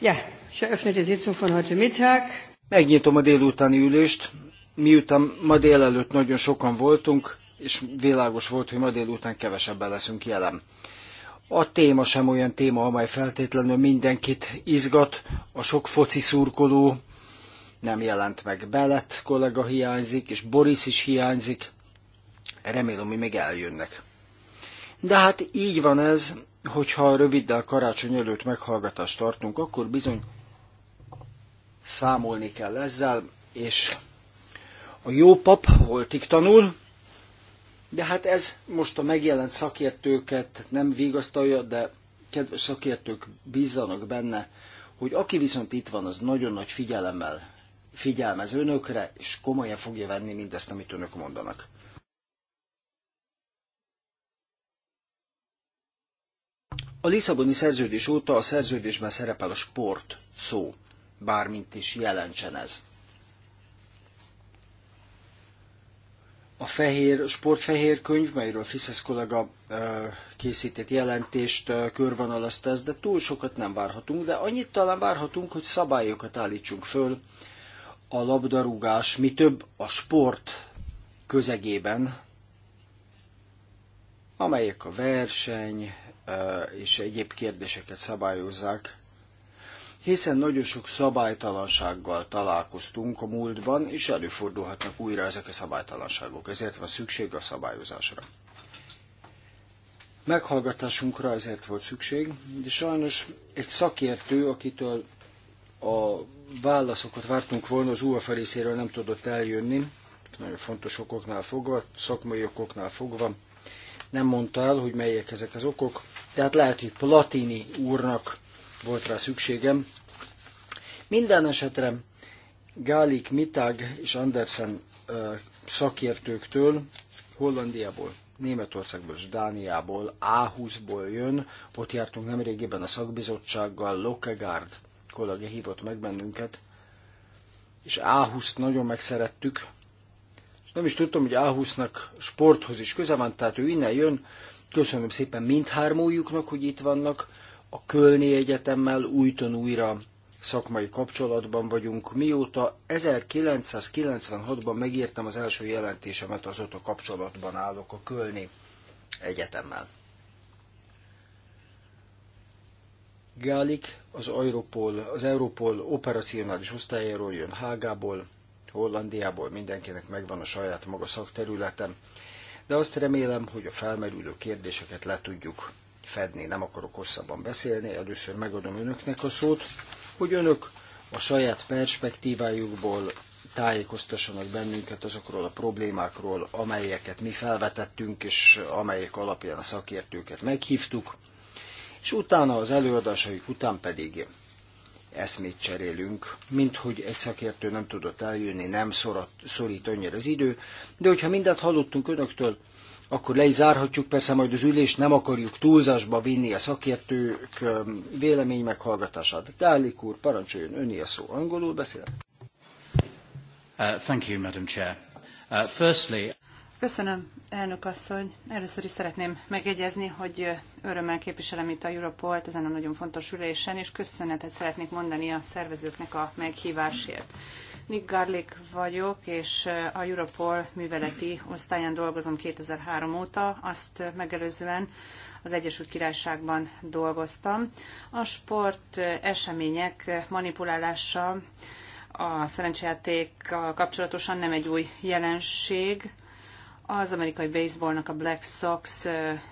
Ja, ich eröffne die Sitzung von heute Mittag. Megnyitom a délutáni ülést. Miután ma délelőtt nagyon sokan voltunk, és világos volt, hogy ma délután kevesebben leszünk jelen. A téma sem olyan téma, amely feltétlenül mindenkit izgat, a sok foci szurkoló nem jelent meg. Belet kollega hiányzik, és Boris is hiányzik. Remélem, hogy még eljönnek. De hát így van ez, hogyha röviddel karácsony előtt meghallgatást tartunk, akkor bizony számolni kell ezzel, és a jó pap holtig tanul, de hát ez most a megjelent szakértőket nem vigasztalja, de kedves szakértők bízzanak benne, hogy aki viszont itt van, az nagyon nagy figyelemmel figyelmez önökre, és komolyan fogja venni mindezt, amit önök mondanak. A Lisszaboni szerződés óta a szerződésben szerepel a sport szó, bármint is jelentsen ez. A fehér, sportfehér könyv, melyről Fiszesz kollega készített jelentést, körvonalazta ezt, de túl sokat nem várhatunk, de annyit talán várhatunk, hogy szabályokat állítsunk föl a labdarúgás, mi több a sport közegében, amelyek a verseny, és egyéb kérdéseket szabályozzák, hiszen nagyon sok szabálytalansággal találkoztunk a múltban, és előfordulhatnak újra ezek a szabálytalanságok, ezért van szükség a szabályozásra. Meghallgatásunkra ezért volt szükség, de sajnos egy szakértő, akitől a válaszokat vártunk volna, az UFA részéről nem tudott eljönni, nagyon fontos okoknál fogva, szakmai okoknál fogva, nem mondta el, hogy melyek ezek az okok. Tehát lehet, hogy Platini úrnak volt rá szükségem. Minden esetre Gálik Mitag és Andersen szakértőktől Hollandiából, Németországból és Dániából, áhuszból jön, ott jártunk nemrégiben a szakbizottsággal, Lokegárd kollega hívott meg bennünket, és áhuszt nagyon megszerettük, és nem is tudtam, hogy áhusznak sporthoz is köze van, tehát ő innen jön, Köszönöm szépen mindhármójuknak, hogy itt vannak. A Kölni Egyetemmel újton újra szakmai kapcsolatban vagyunk. Mióta 1996-ban megírtam az első jelentésemet, azóta kapcsolatban állok a Kölni Egyetemmel. Gálik az Europol, az Europol operacionális osztályáról jön Hágából, Hollandiából, mindenkinek megvan a saját maga szakterületen de azt remélem, hogy a felmerülő kérdéseket le tudjuk fedni. Nem akarok hosszabban beszélni, először megadom önöknek a szót, hogy önök a saját perspektívájukból tájékoztassanak bennünket azokról a problémákról, amelyeket mi felvetettünk, és amelyek alapján a szakértőket meghívtuk, és utána az előadásaik után pedig eszmét cserélünk, mint hogy egy szakértő nem tudott eljönni, nem szorat, szorít annyira az idő, de hogyha mindent hallottunk önöktől, akkor le is zárhatjuk persze majd az ülést, nem akarjuk túlzásba vinni a szakértők vélemény meghallgatását. Dálik úr, parancsoljon, öné a szó. Angolul beszél? Uh, thank you, Madam Chair. Uh, firstly, Köszönöm, elnök asszony. Először is szeretném megjegyezni, hogy örömmel képviselem itt a Europolt ezen a nagyon fontos ülésen, és köszönetet szeretnék mondani a szervezőknek a meghívásért. Nick Garlick vagyok, és a Europol műveleti osztályán dolgozom 2003 óta, azt megelőzően az Egyesült Királyságban dolgoztam. A sport események manipulálása a szerencsejátékkal kapcsolatosan nem egy új jelenség, az amerikai baseballnak a Black Sox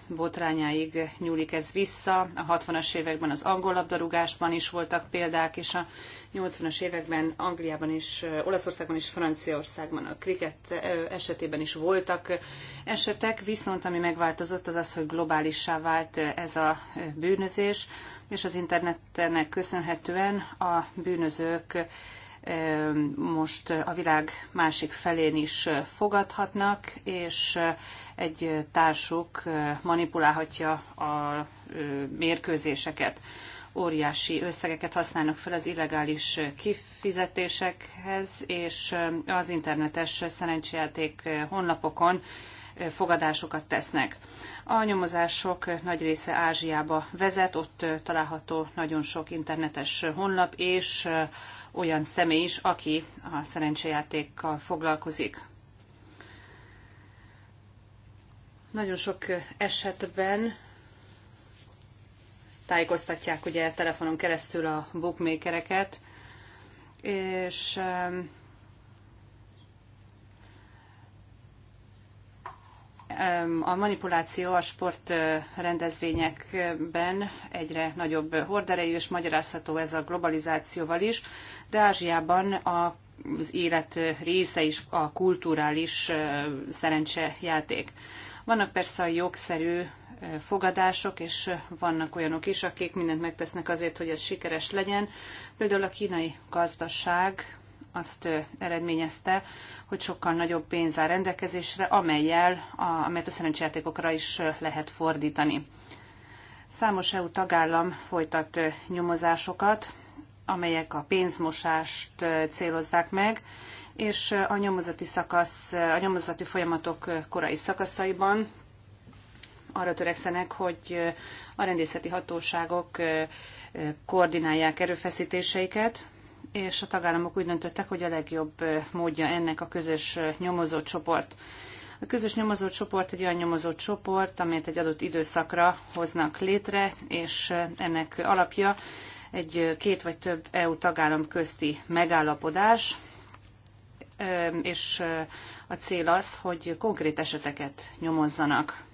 botrányáig nyúlik ez vissza. A 60-as években az angol labdarúgásban is voltak példák, és a 80-as években Angliában is, Olaszországban és Franciaországban a kriket esetében is voltak esetek, viszont ami megváltozott az az, hogy globálissá vált ez a bűnözés, és az internetnek köszönhetően a bűnözők most a világ másik felén is fogadhatnak, és egy társuk manipulálhatja a mérkőzéseket. Óriási összegeket használnak fel az illegális kifizetésekhez, és az internetes szerencsejáték honlapokon fogadásokat tesznek. A nyomozások nagy része Ázsiába vezet, ott található nagyon sok internetes honlap, és olyan személy is, aki a szerencsejátékkal foglalkozik. Nagyon sok esetben tájékoztatják ugye telefonon keresztül a bookmakereket, és a manipuláció a sport rendezvényekben egyre nagyobb horderejű, és magyarázható ez a globalizációval is, de Ázsiában a az élet része is a kulturális szerencsejáték. Vannak persze a jogszerű fogadások, és vannak olyanok is, akik mindent megtesznek azért, hogy ez sikeres legyen. Például a kínai gazdaság azt eredményezte, hogy sokkal nagyobb pénz áll rendelkezésre, amelyel, a, amelyet a szerencsejátékokra is lehet fordítani. Számos EU tagállam folytat nyomozásokat, amelyek a pénzmosást célozzák meg, és a nyomozati szakasz, a nyomozati folyamatok korai szakaszaiban arra törekszenek, hogy a rendészeti hatóságok koordinálják erőfeszítéseiket, és a tagállamok úgy döntöttek, hogy a legjobb módja ennek a közös nyomozó csoport. A közös nyomozó csoport egy olyan nyomozó csoport, amelyet egy adott időszakra hoznak létre, és ennek alapja egy két vagy több EU tagállam közti megállapodás, és a cél az, hogy konkrét eseteket nyomozzanak.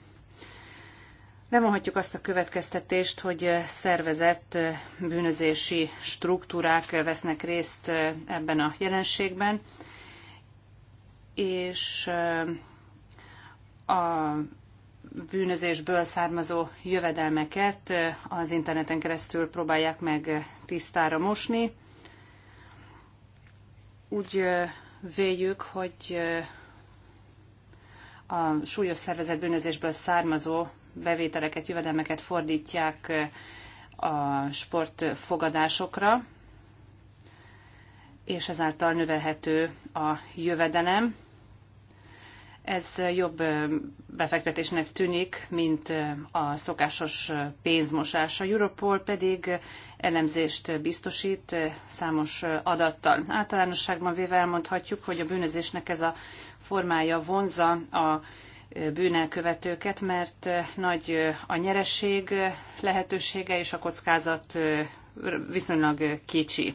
Levonhatjuk azt a következtetést, hogy szervezett bűnözési struktúrák vesznek részt ebben a jelenségben, és a bűnözésből származó jövedelmeket az interneten keresztül próbálják meg tisztára mosni. Úgy véljük, hogy a súlyos szervezett bűnözésből származó bevételeket, jövedelmeket fordítják a sportfogadásokra, és ezáltal növelhető a jövedelem. Ez jobb befektetésnek tűnik, mint a szokásos pénzmosás. A Europol pedig elemzést biztosít számos adattal. Általánosságban véve elmondhatjuk, hogy a bűnözésnek ez a formája vonza a bűnelkövetőket, mert eh, nagy eh, a nyereség eh, lehetősége és a kockázat viszonylag kicsi.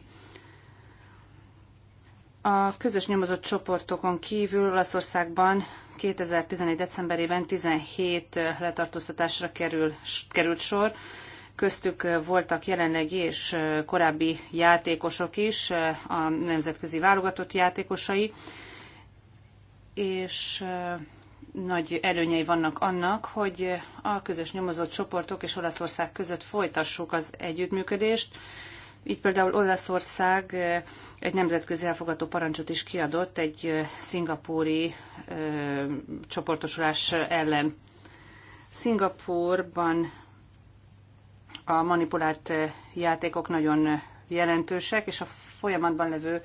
A közös nyomozott csoportokon kívül Olaszországban 2011. decemberében 17 letartóztatásra kerül, került sor, köztük voltak jelenlegi és korábbi játékosok is, a nemzetközi válogatott játékosai, és nagy előnyei vannak annak, hogy a közös nyomozott csoportok és Olaszország között folytassuk az együttműködést. Itt például Olaszország eh, egy nemzetközi elfogadó parancsot is kiadott egy eh, szingapúri eh, csoportosulás ellen. Szingapúrban a manipulált játékok nagyon jelentősek, és a folyamatban levő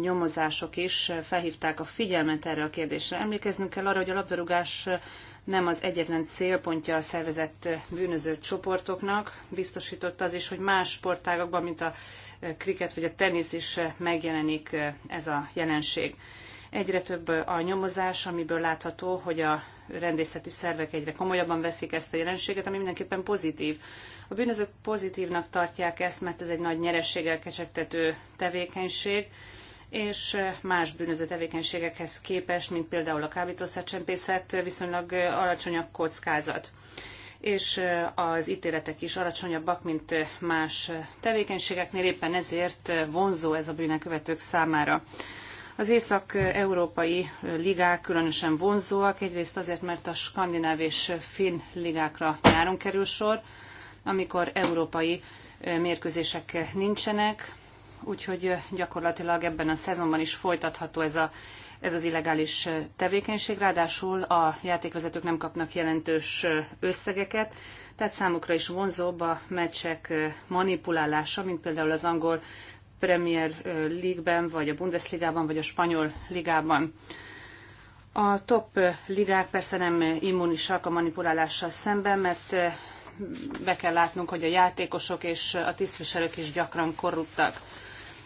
nyomozások is felhívták a figyelmet erre a kérdésre. Emlékeznünk kell arra, hogy a labdarúgás nem az egyetlen célpontja a szervezett bűnöző csoportoknak. Biztosította az is, hogy más sportágakban, mint a kriket vagy a tenisz is megjelenik ez a jelenség. Egyre több a nyomozás, amiből látható, hogy a rendészeti szervek egyre komolyabban veszik ezt a jelenséget, ami mindenképpen pozitív. A bűnözők pozitívnak tartják ezt, mert ez egy nagy nyerességgel kecsegtető tevékenység, és más bűnöző tevékenységekhez képest, mint például a kábítószercsempészet, viszonylag alacsonyabb kockázat és az ítéletek is alacsonyabbak, mint más tevékenységeknél, éppen ezért vonzó ez a bűnekövetők számára. Az észak-európai ligák különösen vonzóak, egyrészt azért, mert a skandináv és finn ligákra nyáron kerül sor, amikor európai mérkőzések nincsenek, úgyhogy gyakorlatilag ebben a szezonban is folytatható ez, a, ez az illegális tevékenység. Ráadásul a játékvezetők nem kapnak jelentős összegeket, tehát számukra is vonzóbb a meccsek manipulálása, mint például az angol Premier League-ben, vagy a Bundesligában, vagy a spanyol ligában. A top ligák persze nem immunisak a manipulálással szemben, mert be kell látnunk, hogy a játékosok és a tisztviselők is gyakran korruptak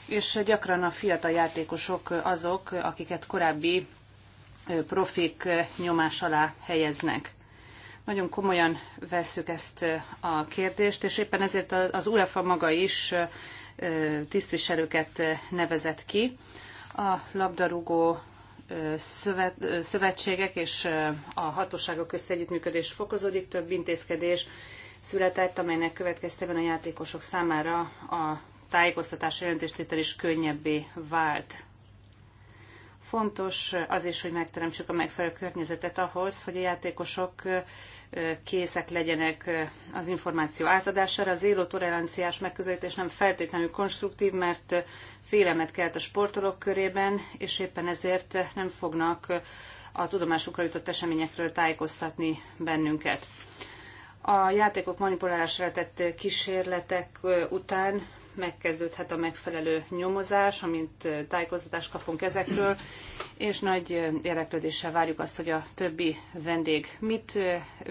és gyakran a fiatal játékosok azok, akiket korábbi profik nyomás alá helyeznek. Nagyon komolyan vesszük ezt a kérdést, és éppen ezért az UEFA maga is tisztviselőket nevezett ki. A labdarúgó szövet, szövetségek és a hatóságok közt együttműködés fokozódik, több intézkedés született, amelynek következtében a játékosok számára a tájékoztatás jelentéstétel is könnyebbé vált. Fontos az is, hogy megteremtsük a megfelelő környezetet ahhoz, hogy a játékosok készek legyenek az információ átadására. Az éló toleranciás megközelítés nem feltétlenül konstruktív, mert félemet kelt a sportolók körében, és éppen ezért nem fognak a tudomásukra jutott eseményekről tájékoztatni bennünket. A játékok manipulálásra tett kísérletek után megkezdődhet a megfelelő nyomozás, amint tájékoztatást kapunk ezekről, és nagy érdeklődéssel várjuk azt, hogy a többi vendég mit,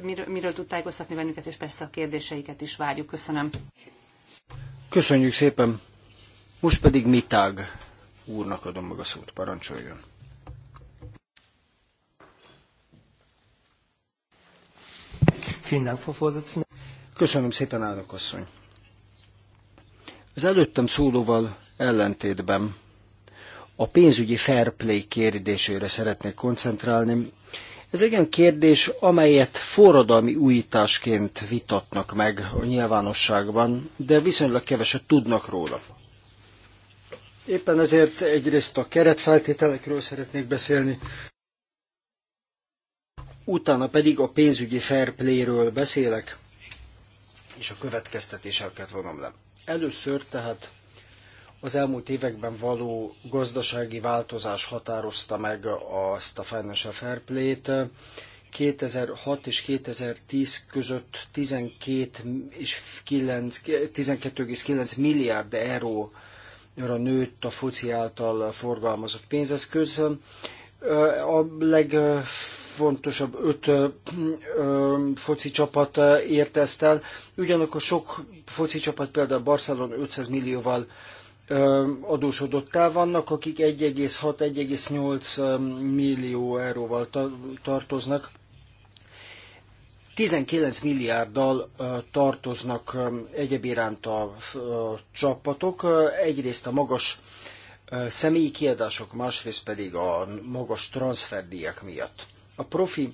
miről, miről tud tájékoztatni bennünket, és persze a kérdéseiket is várjuk. Köszönöm. Köszönjük szépen. Most pedig Mitág úrnak adom meg a szót, parancsoljon. Köszönöm szépen, állok asszony. Az előttem szólóval ellentétben a pénzügyi fair play kérdésére szeretnék koncentrálni. Ez egy olyan kérdés, amelyet forradalmi újításként vitatnak meg a nyilvánosságban, de viszonylag keveset tudnak róla. Éppen ezért egyrészt a keretfeltételekről szeretnék beszélni, utána pedig a pénzügyi fair play-ről beszélek, és a következtetéseket vonom le. Először tehát az elmúlt években való gazdasági változás határozta meg azt a Financial Fair Play-t. 2006 és 2010 között 12 és 9 12,9 milliárd euróra nőtt a foci által forgalmazott pénzeszköz. A leg legfontosabb öt ö, ö, foci csapat ért ezt el. Ugyanakkor sok foci csapat, például Barcelona 500 millióval ö, adósodottá vannak, akik 1,6-1,8 millió euróval ta- tartoznak. 19 milliárddal tartoznak egyebiránt a csapatok. Egyrészt a magas személyi kiadások, másrészt pedig a magas transferdíjak miatt a profi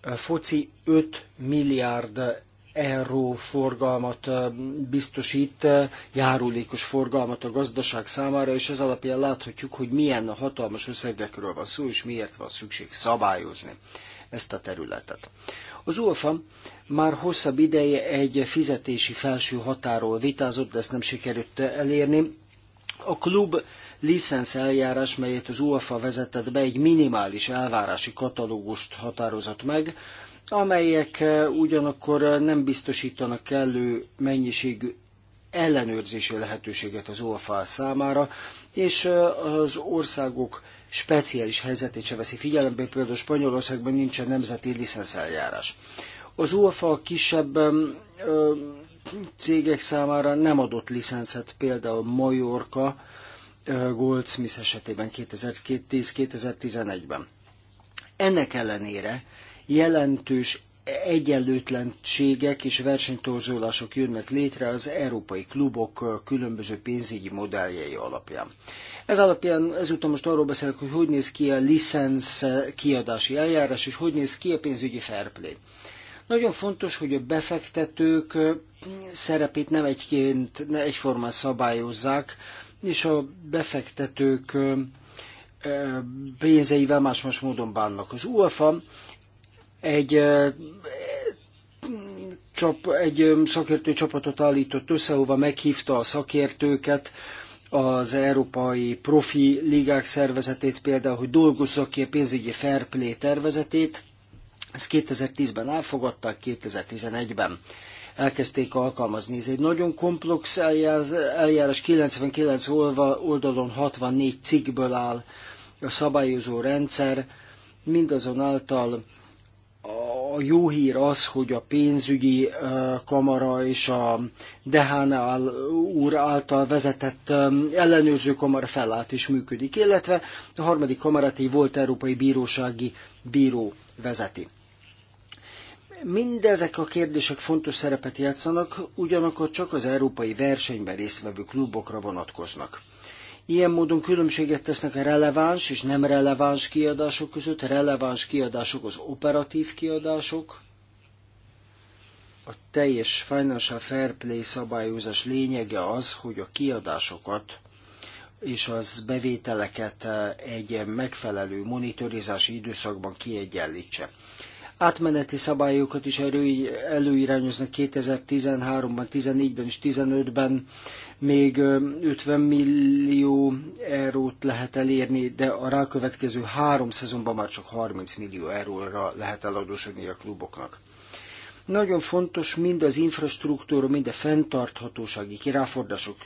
eh, foci 5 milliárd euró forgalmat eh, biztosít, eh, járulékos forgalmat a gazdaság számára, és ez alapján láthatjuk, hogy milyen hatalmas összegekről van szó, és miért van szükség szabályozni ezt a területet. Az UEFA már hosszabb ideje egy fizetési felső határól vitázott, de ezt nem sikerült elérni. A klub licensz eljárás, melyet az UEFA vezetett be, egy minimális elvárási katalógust határozott meg, amelyek eh, ugyanakkor eh, nem biztosítanak kellő mennyiségű ellenőrzési lehetőséget az UEFA számára, és eh, az országok speciális helyzetét se veszi figyelembe, például Spanyolországban nincsen nemzeti licenszeljárás. Az UEFA kisebb cégek számára nem adott licencet, például Majorca. Goldsmith esetében 2010-2011-ben. Ennek ellenére jelentős egyenlőtlenségek és versenytorzulások jönnek létre az európai klubok különböző pénzügyi modelljei alapján. Ez alapján ezúttal most arról beszélek, hogy hogy néz ki a licensz kiadási eljárás, és hogy néz ki a pénzügyi fair play. Nagyon fontos, hogy a befektetők szerepét nem egyként, ne egyformán szabályozzák, és a befektetők pénzeivel más-más módon bánnak. Az UEFA egy csap, egy szakértő csapatot állított össze, ahova meghívta a szakértőket, az Európai Profi Ligák szervezetét például, hogy dolgozzak ki a pénzügyi fair play tervezetét. Ezt 2010-ben elfogadták, 2011-ben elkezdték alkalmazni. Ez egy nagyon komplex eljárás, 99 oldalon 64 cikkből áll a szabályozó rendszer, mindazonáltal a jó hír az, hogy a pénzügyi kamara és a Dehánál úr által vezetett ellenőrző kamara felállt és működik, illetve a harmadik kamarát egy volt európai bírósági bíró vezeti. Mindezek a kérdések fontos szerepet játszanak, ugyanakkor csak az európai versenyben résztvevő klubokra vonatkoznak. Ilyen módon különbséget tesznek a releváns és nem releváns kiadások között. A releváns kiadások az operatív kiadások, a teljes Financial Fair Play szabályozás lényege az, hogy a kiadásokat és az bevételeket egy megfelelő monitorizási időszakban kiegyenlítse átmeneti szabályokat is elő, előirányoznak 2013-ban, 2014 ben és 2015 ben Még 50 millió eurót lehet elérni, de a rákövetkező három szezonban már csak 30 millió euróra lehet eladósodni a kluboknak. Nagyon fontos mind az infrastruktúra, mind a fenntarthatósági kiráfordások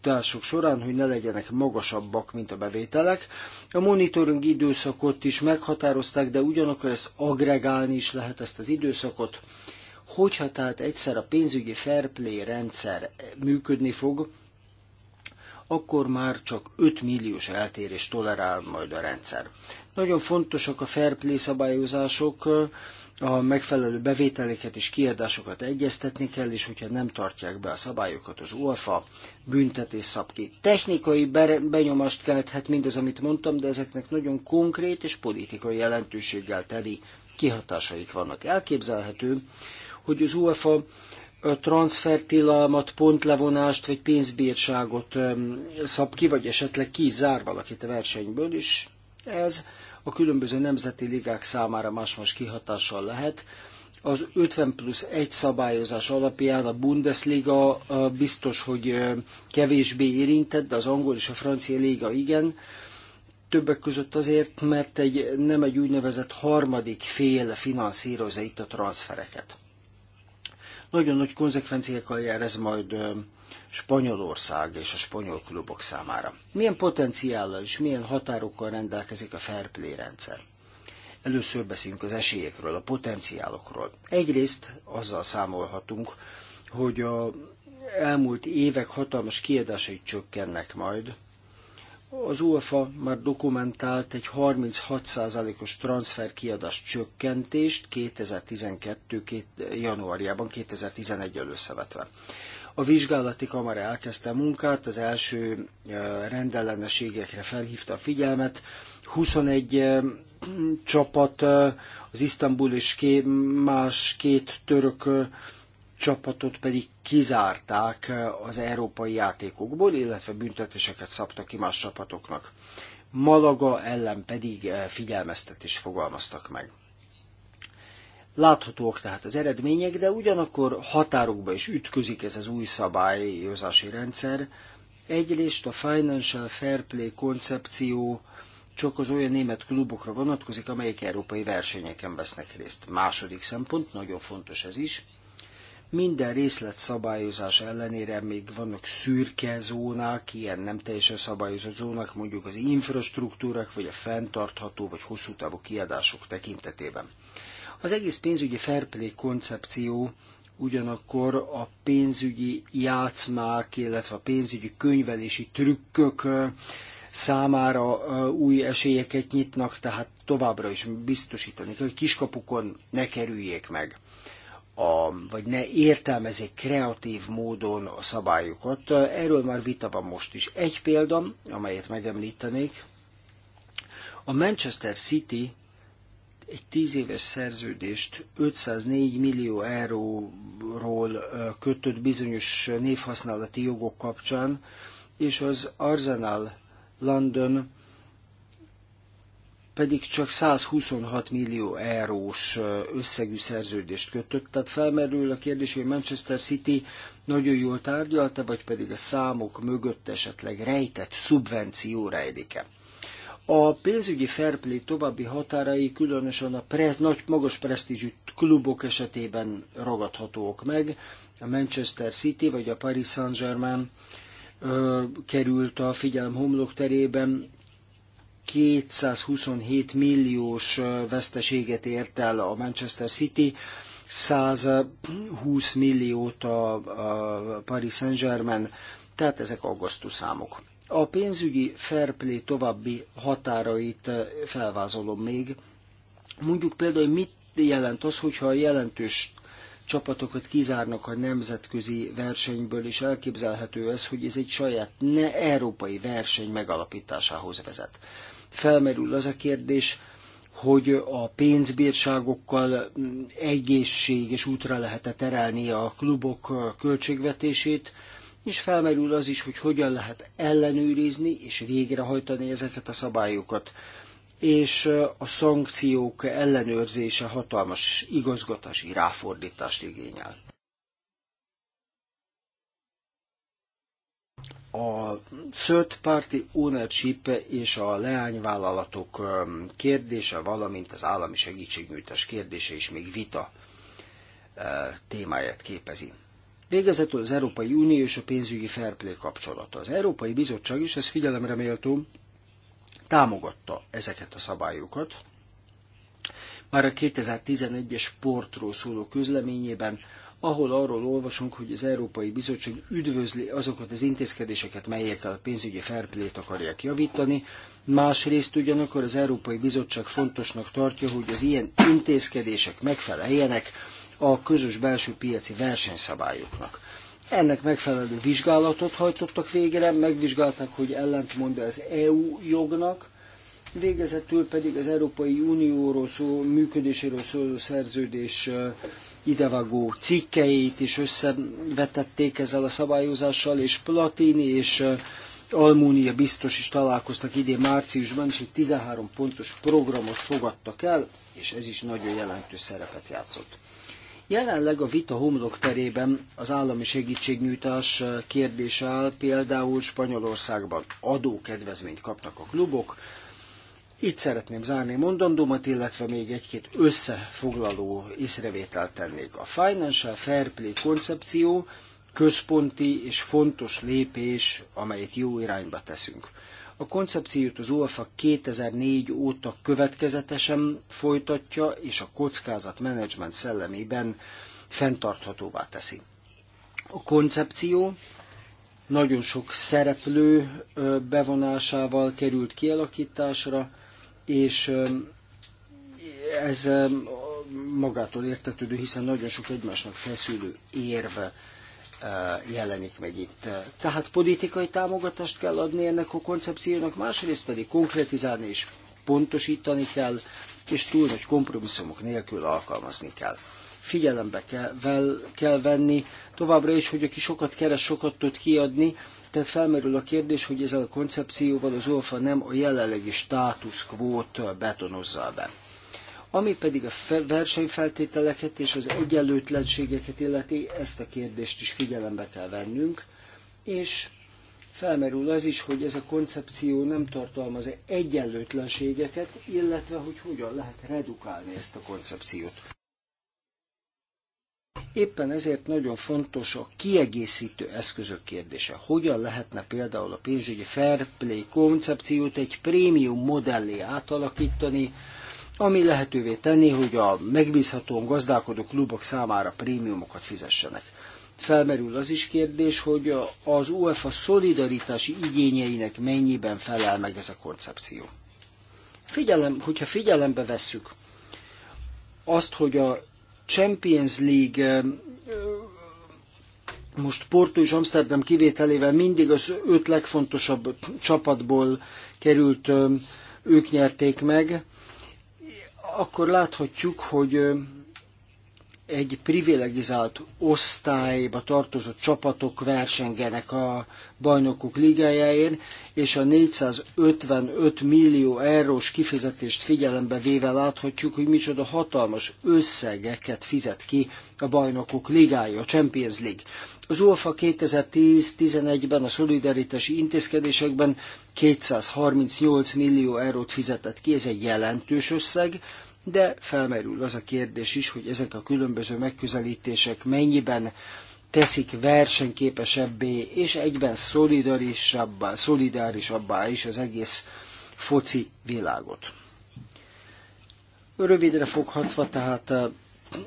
kiadások során, hogy ne legyenek magasabbak, mint a bevételek. A monitoring időszakot is meghatározták, de ugyanakkor ezt agregálni is lehet ezt az időszakot. Hogyha tehát egyszer a pénzügyi fair play rendszer működni fog, akkor már csak 5 milliós eltérés tolerál majd a rendszer. Nagyon fontosak a fair play szabályozások, a megfelelő bevételeket és kiadásokat egyeztetni kell, és hogyha nem tartják be a szabályokat, az UEFA büntetés szab ki. Technikai benyomást kelthet mindez, amit mondtam, de ezeknek nagyon konkrét és politikai jelentőséggel teli kihatásaik vannak. Elképzelhető, hogy az UEFA transfertilalmat, pontlevonást vagy pénzbírságot szab ki, vagy esetleg kizár valakit a versenyből, is. ez a különböző nemzeti ligák számára más-más kihatással lehet. Az 50 plusz 1 szabályozás alapján a Bundesliga biztos, hogy kevésbé érintett, de az angol és a francia liga igen. Többek között azért, mert egy, nem egy úgynevezett harmadik fél finanszírozza itt a transfereket. Nagyon nagy konzekvenciákkal jár ez majd Spanyolország és a spanyol klubok számára. Milyen potenciállal és milyen határokkal rendelkezik a fair play rendszer? Először beszélünk az esélyekről, a potenciálokról. Egyrészt azzal számolhatunk, hogy a elmúlt évek hatalmas kiadásai csökkennek majd. Az UEFA már dokumentált egy 36%-os transferkiadás csökkentést 2012. januárjában 2011 előszövetve. összevetve. A vizsgálati kamara elkezdte a munkát, az első rendellenességekre felhívta a figyelmet. 21 csapat, az Isztambul és más két török csapatot pedig kizárták az európai játékokból, illetve büntetéseket szabtak ki más csapatoknak. Malaga ellen pedig figyelmeztetést fogalmaztak meg. Láthatóak tehát az eredmények, de ugyanakkor határokba is ütközik ez az új szabályozási rendszer. Egyrészt a Financial Fair Play koncepció csak az olyan német klubokra vonatkozik, amelyek európai versenyeken vesznek részt. Második szempont, nagyon fontos ez is, minden részlet szabályozás ellenére még vannak szürke zónák, ilyen nem teljesen szabályozott zónák, mondjuk az infrastruktúrák, vagy a fenntartható, vagy hosszú távú kiadások tekintetében. Az egész pénzügyi fair play koncepció ugyanakkor a pénzügyi játszmák, illetve a pénzügyi könyvelési trükkök számára új esélyeket nyitnak, tehát továbbra is biztosítani kell, hogy kiskapukon ne kerüljék meg, a, vagy ne értelmezik kreatív módon a szabályokat. Erről már vita van most is. Egy példa, amelyet megemlítenék, a Manchester City egy tíz éves szerződést 504 millió euróról kötött bizonyos névhasználati jogok kapcsán, és az Arsenal London pedig csak 126 millió eurós összegű szerződést kötött. Tehát felmerül a kérdés, hogy Manchester City nagyon jól tárgyalta, vagy pedig a számok mögött esetleg rejtett szubvenció rejlik-e. A pénzügyi fair play további határai különösen a prez, nagy, magas presztízsű klubok esetében ragadhatók meg. A Manchester City vagy a Paris Saint-Germain került a figyelem homlok terében, 227 milliós veszteséget ért el a Manchester City, 120 milliót a, a Paris Saint-Germain, tehát ezek augusztus számok. A pénzügyi fair play további határait eh, felvázolom még. Mondjuk például, hogy mit jelent az, hogyha a jelentős csapatokat kizárnak a nemzetközi versenyből, és elképzelhető ez, hogy ez egy saját ne európai verseny megalapításához vezet. Felmerül az a kérdés, hogy a pénzbírságokkal mm, egészséges útra lehet -e terelni a klubok eh, költségvetését, és felmerül az is, hogy hogyan lehet ellenőrizni és végrehajtani ezeket a szabályokat. És a szankciók ellenőrzése hatalmas igazgatási ráfordítást igényel. A third party ownership és a leányvállalatok kérdése, valamint az állami segítségnyújtás kérdése is még vita témáját képezi. Végezetül az Európai Unió és a pénzügyi fair play kapcsolata. Az Európai Bizottság is, ez figyelemre méltó, támogatta ezeket a szabályokat. Már a 2011-es sportról szóló közleményében ahol arról olvasunk, hogy az Európai Bizottság üdvözli azokat az intézkedéseket, melyekkel a pénzügyi play t akarják javítani, másrészt ugyanakkor az Európai Bizottság fontosnak tartja, hogy az ilyen intézkedések megfeleljenek a közös belső piaci versenyszabályoknak. Ennek megfelelő vizsgálatot hajtottak végre, megvizsgálták, hogy ellentmond az EU jognak, végezetül pedig az Európai Unióról szó, működéséről szóló szerződés idevágó cikkeit is összevetették ezzel a szabályozással, és Platini és Almúnia biztos is találkoztak idén márciusban, és egy 13 pontos programot fogadtak el, és ez is nagyon jelentős szerepet játszott. Jelenleg a vita homlok terében az állami segítségnyújtás kérdése áll, például Spanyolországban adókedvezményt kapnak a klubok. Itt szeretném zárni mondandómat, illetve még egy-két összefoglaló észrevételt tennék. A Financial Fair Play koncepció központi és fontos lépés, amelyet jó irányba teszünk. A koncepciót az OLFA 2004 óta következetesen folytatja, és a kockázatmenedzsment szellemében fenntarthatóvá teszi. A koncepció nagyon sok szereplő bevonásával került kialakításra, és ez magától értetődő, hiszen nagyon sok egymásnak feszülő érve Eh, jelenik meg itt. Tehát politikai támogatást kell adni ennek a koncepciónak, másrészt pedig konkretizálni és pontosítani kell, és túl nagy kompromisszumok nélkül alkalmazni kell. Figyelembe kell, vel, kell venni továbbra is, hogy aki sokat keres, sokat tud kiadni, tehát felmerül a kérdés, hogy ezzel a koncepcióval az OFA nem a jelenlegi státuszkvót betonozza be. Ami pedig a versenyfeltételeket és az egyenlőtlenségeket illeti, ezt a kérdést is figyelembe kell vennünk, és felmerül az is, hogy ez a koncepció nem tartalmaz -e egyenlőtlenségeket, illetve hogy hogyan lehet redukálni ezt a koncepciót. Éppen ezért nagyon fontos a kiegészítő eszközök kérdése. Hogyan lehetne például a pénzügyi fair play koncepciót egy prémium modellé átalakítani, ami lehetővé tenni, hogy a megbízhatóan gazdálkodó klubok számára prémiumokat fizessenek. Felmerül az is kérdés, hogy az UEFA szolidaritási igényeinek mennyiben felel meg ez a koncepció. Figyelem, hogyha figyelembe vesszük azt, hogy a Champions League eh, most Porto és Amsterdam kivételével mindig az öt legfontosabb csapatból került, eh, ők nyerték meg, akkor láthatjuk, hogy egy privilegizált osztályba tartozó csapatok versengenek a bajnokok ligájáért, és a 455 millió eurós kifizetést figyelembe véve láthatjuk, hogy micsoda hatalmas összegeket fizet ki a bajnokok ligája, a Champions League. Az OLFA 2010-11-ben a szolidaritási intézkedésekben 238 millió eurót fizetett ki, ez egy jelentős összeg, de felmerül az a kérdés is, hogy ezek a különböző megközelítések mennyiben teszik versenyképesebbé és egyben szolidarisabbá, szolidárisabbá is az egész foci világot. Rövidre foghatva, tehát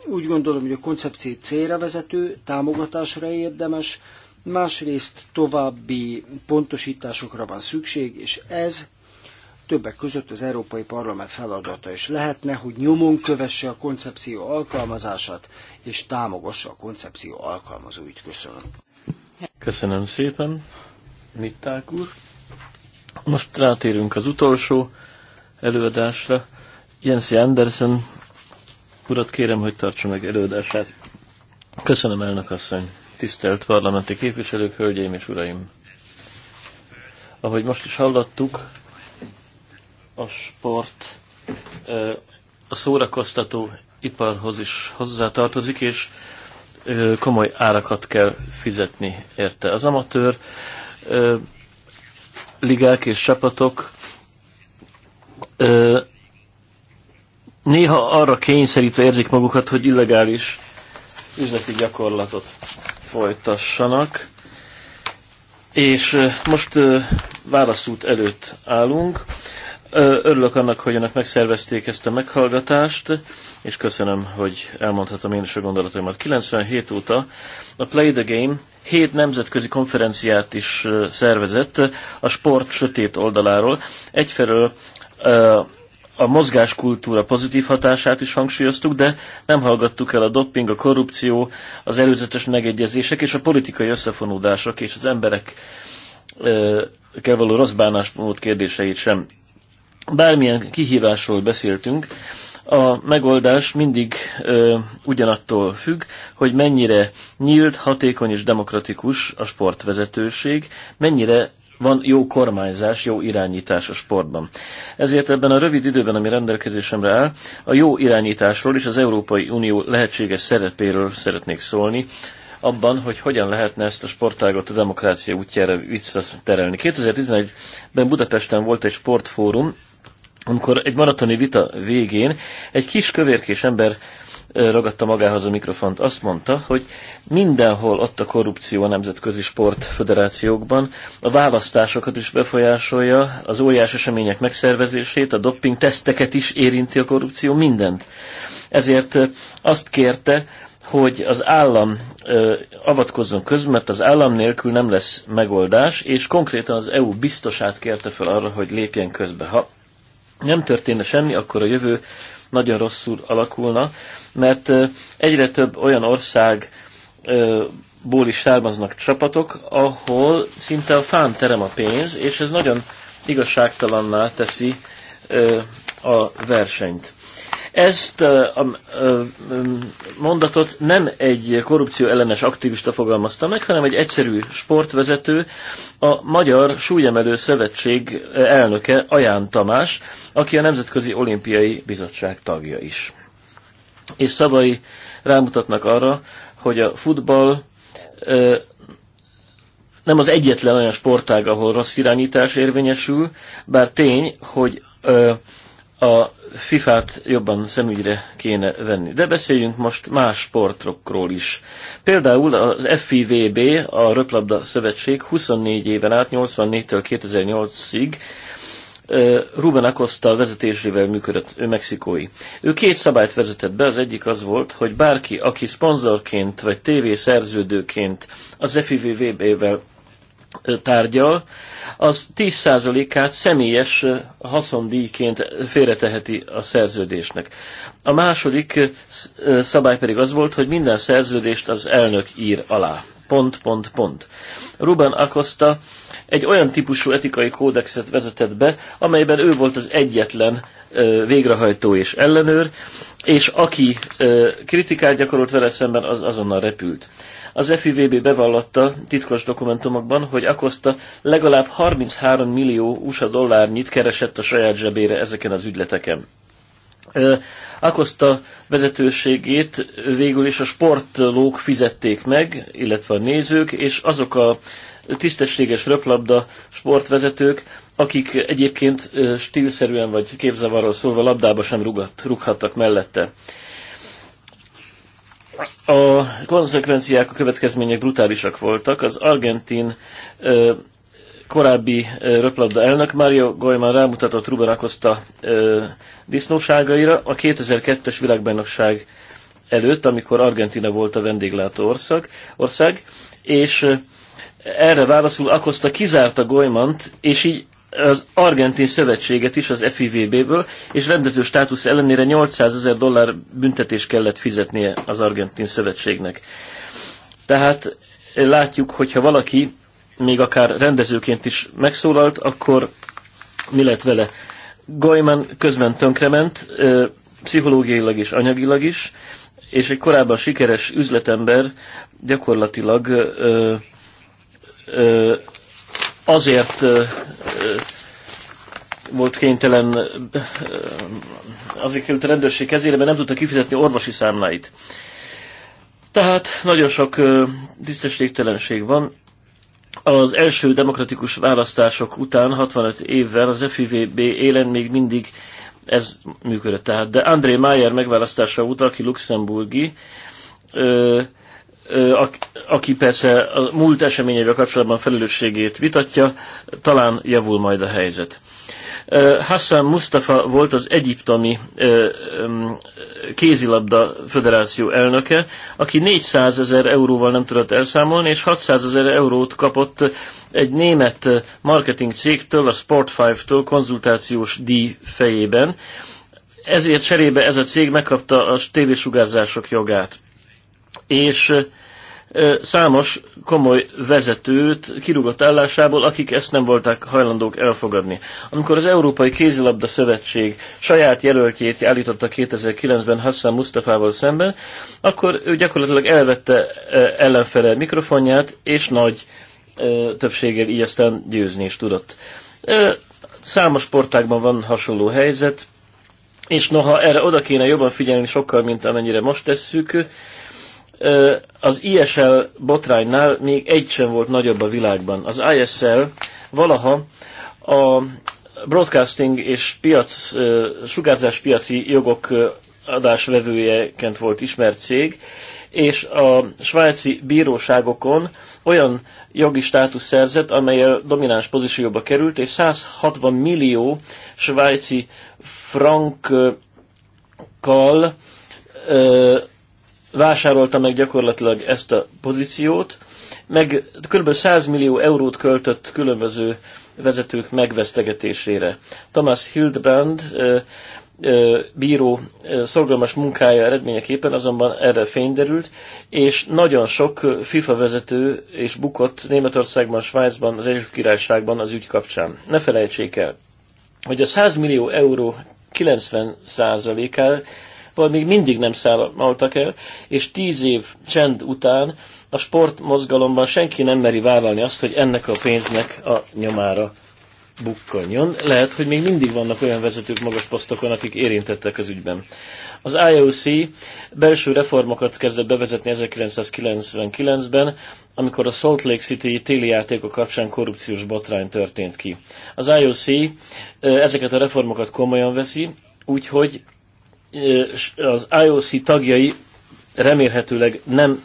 úgy gondolom, hogy a koncepció célra vezető, támogatásra érdemes, másrészt további pontosításokra van szükség, és ez többek között az Európai Parlament feladata is lehetne, hogy nyomon kövesse a koncepció alkalmazását, és támogassa a koncepció alkalmazóit. Köszönöm. Köszönöm szépen, Mitták úr. Most rátérünk az utolsó előadásra. Jens Andersen urat kérem, hogy tartsa meg előadását. Köszönöm, elnök asszony. Tisztelt parlamenti képviselők, hölgyeim és uraim! Ahogy most is hallottuk, a sport a szórakoztató iparhoz is hozzátartozik, és komoly árakat kell fizetni érte. Az amatőr ligák és csapatok néha arra kényszerítve érzik magukat, hogy illegális üzleti gyakorlatot folytassanak. És most válaszút előtt állunk. Örülök annak, hogy önök megszervezték ezt a meghallgatást, és köszönöm, hogy elmondhatom én is a gondolataimat. 97 óta a Play the Game hét nemzetközi konferenciát is szervezett a sport sötét oldaláról. Egyfelől a mozgáskultúra pozitív hatását is hangsúlyoztuk, de nem hallgattuk el a dopping, a korrupció, az előzetes megegyezések és a politikai összefonódások és az emberek kell való rossz bánásmód kérdéseit sem. Bármilyen kihívásról beszéltünk, a megoldás mindig ö, ugyanattól függ, hogy mennyire nyílt, hatékony és demokratikus a sportvezetőség, mennyire van jó kormányzás, jó irányítás a sportban. Ezért ebben a rövid időben, ami rendelkezésemre áll, a jó irányításról és az Európai Unió lehetséges szerepéről szeretnék szólni, abban, hogy hogyan lehetne ezt a sportágot a demokrácia útjára visszaterelni. 2011-ben Budapesten volt egy sportfórum, amikor egy maratoni vita végén egy kis kövérkés ember ragadta magához a mikrofont, azt mondta, hogy mindenhol ott a korrupció a nemzetközi sportfederációkban, a választásokat is befolyásolja, az óriás események megszervezését, a dopping teszteket is érinti a korrupció, mindent. Ezért azt kérte, hogy az állam ö, avatkozzon közben, mert az állam nélkül nem lesz megoldás, és konkrétan az EU biztosát kérte fel arra, hogy lépjen közbe. Ha nem történne semmi, akkor a jövő nagyon rosszul alakulna, mert egyre több olyan ország ból is származnak csapatok, ahol szinte a fán terem a pénz, és ez nagyon igazságtalanná teszi a versenyt. Ezt a mondatot nem egy korrupció ellenes aktivista fogalmazta meg, hanem egy egyszerű sportvezető, a Magyar Súlyemelő Szövetség elnöke Aján Tamás, aki a Nemzetközi Olimpiai Bizottság tagja is. És szavai rámutatnak arra, hogy a futball nem az egyetlen olyan sportág, ahol rossz irányítás érvényesül, bár tény, hogy a FIFA-t jobban szemügyre kéne venni. De beszéljünk most más sportokról is. Például az FIVB, a Röplabda Szövetség 24 éven át, 84-től 2008-ig Ruben Acosta vezetésével működött, ő mexikói. Ő két szabályt vezetett be, az egyik az volt, hogy bárki, aki szponzorként vagy TV szerződőként az FIVB-vel tárgyal, az 10%-át személyes haszondíjként félreteheti a szerződésnek. A második szabály pedig az volt, hogy minden szerződést az elnök ír alá. Pont, pont, pont. Ruben akosta egy olyan típusú etikai kódexet vezetett be, amelyben ő volt az egyetlen végrehajtó és ellenőr, és aki kritikát gyakorolt vele szemben, az azonnal repült. Az FIVB bevallotta titkos dokumentumokban, hogy Akosta legalább 33 millió USA dollárnyit keresett a saját zsebére ezeken az ügyleteken. Akosta vezetőségét végül is a sportlók fizették meg, illetve a nézők, és azok a tisztességes röplabda sportvezetők, akik egyébként stílszerűen vagy képzavarról szólva labdába sem rugat, rughattak mellette. A konzekvenciák, a következmények brutálisak voltak. Az argentin ö, korábbi röplabda elnök Mario Goyman rámutatott Ruben Acosta ö, disznóságaira a 2002-es világbajnokság előtt, amikor Argentina volt a vendéglátó ország, ország és erre válaszul Acosta kizárta Goymant, és így az argentin szövetséget is az FIVB-ből, és rendező státusz ellenére 800 ezer dollár büntetés kellett fizetnie az argentin szövetségnek. Tehát eh, látjuk, hogyha valaki még akár rendezőként is megszólalt, akkor mi lett vele? Goyman közben tönkrement, eh, pszichológiailag és anyagilag is, és egy korábban sikeres üzletember gyakorlatilag ö, eh, ö, azért volt kénytelen, azért került a rendőrség kezére, mert nem tudta kifizetni orvosi számláit. Tehát nagyon sok tisztességtelenség van. Az első demokratikus választások után, 65 évvel az FIVB élen még mindig ez működött. Tehát, de André Mayer megválasztása óta, aki luxemburgi, aki persze a múlt eseményeivel kapcsolatban felelősségét vitatja, talán javul majd a helyzet. Hassan Mustafa volt az egyiptomi kézilabda föderáció elnöke, aki 400 ezer euróval nem tudott elszámolni, és 600 ezer eurót kapott egy német marketing cégtől, a Sport5-től konzultációs díj fejében. Ezért cserébe ez a cég megkapta a tévésugárzások jogát és számos komoly vezetőt kirúgott állásából, akik ezt nem voltak hajlandók elfogadni. Amikor az Európai Kézilabda Szövetség saját jelöltjét állította 2009-ben Hassan Mustafával szemben, akkor ő gyakorlatilag elvette ellenfele mikrofonját, és nagy többséggel így aztán győzni is tudott. Számos sportágban van hasonló helyzet, és noha erre oda kéne jobban figyelni sokkal, mint amennyire most tesszük, az ISL botránynál még egy sem volt nagyobb a világban. Az ISL valaha a broadcasting és piac, sugárzás piaci jogok adásvevőjeként volt ismert cég, és a svájci bíróságokon olyan jogi státusz szerzett, amelyel domináns pozícióba került, és 160 millió svájci frankkal vásárolta meg gyakorlatilag ezt a pozíciót, meg kb. 100 millió eurót költött különböző vezetők megvesztegetésére. Thomas Hildebrand bíró szorgalmas munkája eredményeképpen azonban erre fényderült, és nagyon sok FIFA vezető és bukott Németországban, Svájcban, az Egyesült Királyságban az ügy kapcsán. Ne felejtsék el, hogy a 100 millió euró 90 százalékát még mindig nem számoltak el, és tíz év csend után a sportmozgalomban senki nem meri vállalni azt, hogy ennek a pénznek a nyomára bukkanjon. Lehet, hogy még mindig vannak olyan vezetők magas posztokon, akik érintettek az ügyben. Az IOC belső reformokat kezdett bevezetni 1999-ben, amikor a Salt Lake City téli játékok kapcsán korrupciós botrány történt ki. Az IOC eh, ezeket a reformokat komolyan veszi, úgyhogy az IOC tagjai remélhetőleg nem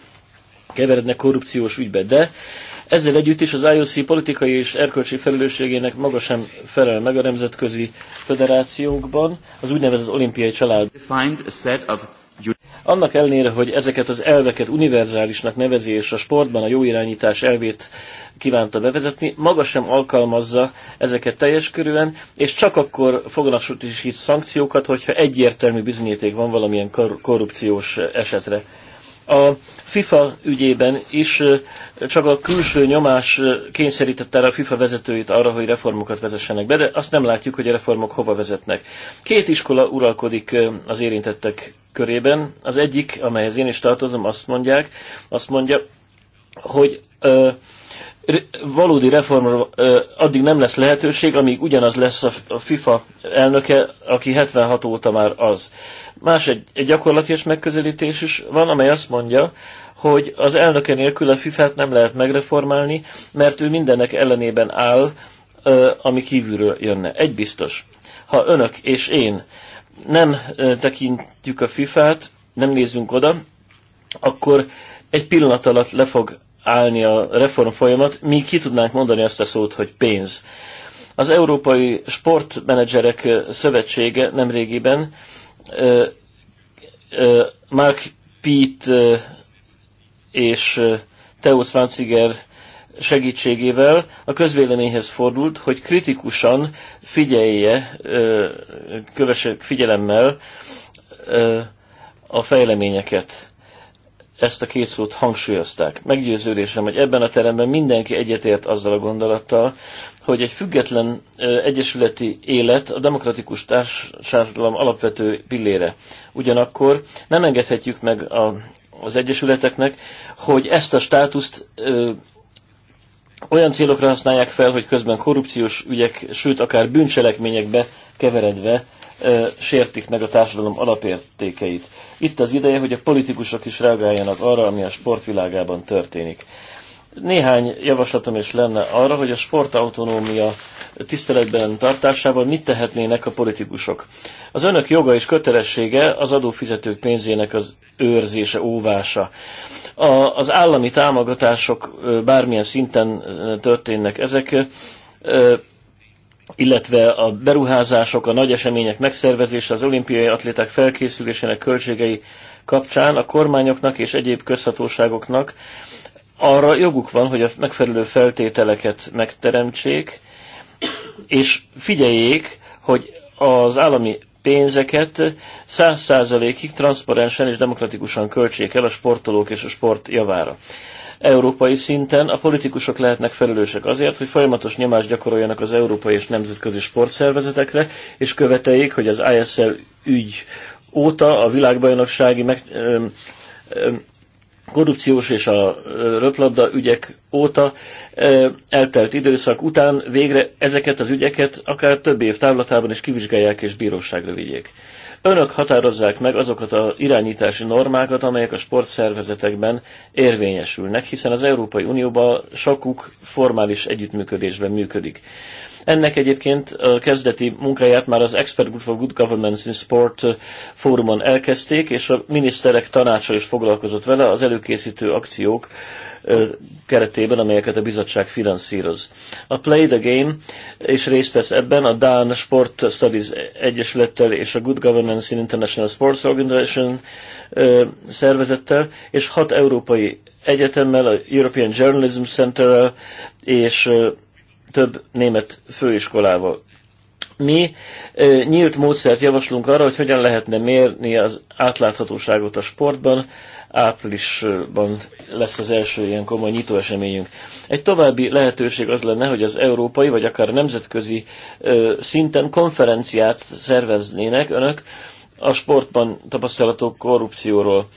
keverednek korrupciós ügybe, de ezzel együtt is az IOC politikai és erkölcsi felelősségének maga sem felel meg a nemzetközi federációkban, az úgynevezett olimpiai család. Annak ellenére, hogy ezeket az elveket univerzálisnak nevezi, és a sportban a jó irányítás elvét kívánta bevezetni, maga sem alkalmazza ezeket teljes körülön, és csak akkor foganatosít szankciókat, hogyha egyértelmű bizonyíték van valamilyen korrupciós esetre. A FIFA ügyében is csak a külső nyomás kényszerítette a FIFA vezetőit arra, hogy reformokat vezessenek be, de azt nem látjuk, hogy a reformok hova vezetnek. Két iskola uralkodik az érintettek körében. Az egyik, amelyhez én is tartozom, azt mondják, azt mondja, hogy valódi reformra addig nem lesz lehetőség, amíg ugyanaz lesz a FIFA elnöke, aki 76 óta már az. Más egy, egy gyakorlatilag megközelítés is van, amely azt mondja, hogy az elnöke nélkül a FIFA-t nem lehet megreformálni, mert ő mindennek ellenében áll, ami kívülről jönne. Egy biztos. Ha önök és én nem tekintjük a FIFA-t, nem nézünk oda, akkor egy pillanat alatt le fog állni a reform folyamat, mi ki tudnánk mondani azt a szót, hogy pénz. Az Európai Sportmenedzserek Szövetsége nemrégiben Mark Pitt és Theo Zwanziger segítségével a közvéleményhez fordult, hogy kritikusan figyelje, kövesse figyelemmel a fejleményeket ezt a két szót hangsúlyozták. Meggyőződésem, hogy ebben a teremben mindenki egyetért azzal a gondolattal, hogy egy független egyesületi élet a demokratikus társadalom alapvető pillére. Ugyanakkor nem engedhetjük meg a, az egyesületeknek, hogy ezt a státuszt ö, olyan célokra használják fel, hogy közben korrupciós ügyek, sőt akár bűncselekményekbe keveredve sértik meg a társadalom alapértékeit. Itt az ideje, hogy a politikusok is reagáljanak arra, ami a sportvilágában történik. Néhány javaslatom is lenne arra, hogy a sportautonómia tiszteletben tartásával mit tehetnének a politikusok. Az önök joga és kötelessége az adófizetők pénzének az őrzése, óvása. A, az állami támogatások bármilyen szinten történnek ezek, illetve a beruházások, a nagy események megszervezése, az olimpiai atléták felkészülésének költségei kapcsán a kormányoknak és egyéb közhatóságoknak arra joguk van, hogy a megfelelő feltételeket megteremtsék, és figyeljék, hogy az állami pénzeket száz százalékig transzparensen és demokratikusan költsék el a sportolók és a sport javára európai szinten a politikusok lehetnek felelősek azért, hogy folyamatos nyomást gyakoroljanak az európai és nemzetközi sportszervezetekre, és követeljék, hogy az ISL ügy óta a világbajnoksági meg, ö, ö, korrupciós és a röplabda ügyek óta eltelt időszak után végre ezeket az ügyeket akár több év távlatában is kivizsgálják és bíróságra vigyék. Önök határozzák meg azokat a az irányítási normákat, amelyek a sportszervezetekben érvényesülnek, hiszen az Európai Unióban sokuk formális együttműködésben működik. Ennek egyébként a kezdeti munkáját már az Expert Group for Good Governance in Sport fórumon elkezdték, és a miniszterek tanácsa is foglalkozott vele, az előkészítő akciók keretében, amelyeket a bizottság finanszíroz. A Play the Game és részt vesz ebben a Dán Sport Studies Egyesülettel és a Good Governance in International Sports Organization szervezettel, és hat európai egyetemmel, a European Journalism Centerrel és több német főiskolával mi nyílt módszert javaslunk arra, hogy hogyan lehetne mérni az átláthatóságot a sportban, áprilisban lesz az első ilyen komoly nyitóeseményünk. Egy további lehetőség az lenne, hogy az európai vagy akár nemzetközi szinten konferenciát szerveznének önök a sportban tapasztalató korrupcióról.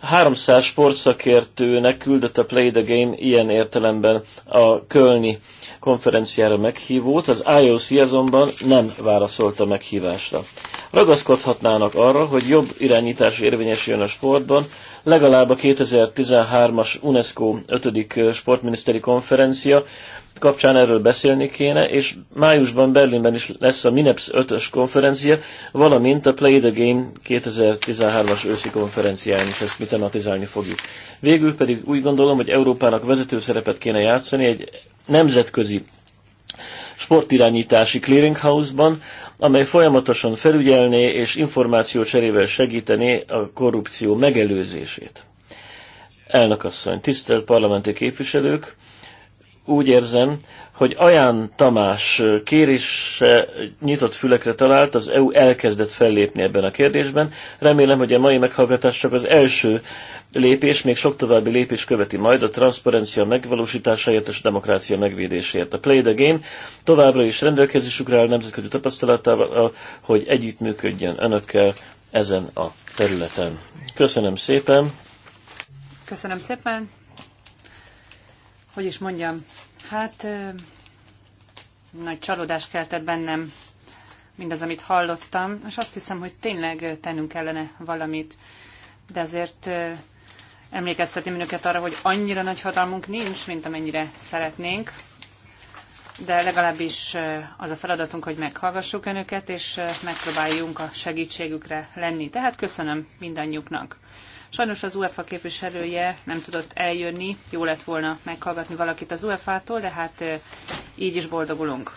300 sportszakértőnek küldött a Play the Game ilyen értelemben a Kölni konferenciára meghívót, az IOC azonban nem válaszolt a meghívásra. Ragaszkodhatnának arra, hogy jobb irányítás érvényesüljön a sportban, legalább a 2013-as UNESCO 5. sportminiszteri konferencia kapcsán erről beszélni kéne, és májusban Berlinben is lesz a MINEPS 5-ös konferencia, valamint a Play the Game 2013-as őszi konferencián is ezt mi tematizálni fogjuk. Végül pedig úgy gondolom, hogy Európának vezető szerepet kéne játszani egy nemzetközi sportirányítási clearinghouse-ban, amely folyamatosan felügyelné és információ cserével segítené a korrupció megelőzését. asszony, tisztelt parlamenti képviselők, úgy érzem, hogy Aján Tamás kérése nyitott fülekre talált, az EU elkezdett fellépni ebben a kérdésben. Remélem, hogy a mai meghallgatás csak az első lépés, még sok további lépés követi majd a transzparencia megvalósításáért és a demokrácia megvédéséért. A Play the Game továbbra is rendelkezésükre áll nemzetközi tapasztalatával, hogy együttműködjön önökkel ezen a területen. Köszönöm szépen! Köszönöm szépen! Hogy is mondjam, hát nagy csalódás keltett bennem mindaz, amit hallottam, és azt hiszem, hogy tényleg tennünk kellene valamit de azért emlékeztetném önöket arra, hogy annyira nagy hatalmunk nincs, mint amennyire szeretnénk, de legalábbis eh, az a feladatunk, hogy meghallgassuk önöket, és eh, megpróbáljunk a segítségükre lenni. Tehát köszönöm mindannyiuknak. Sajnos az UEFA képviselője nem tudott eljönni, jó lett volna meghallgatni valakit az UEFA-tól, de hát eh, így is boldogulunk.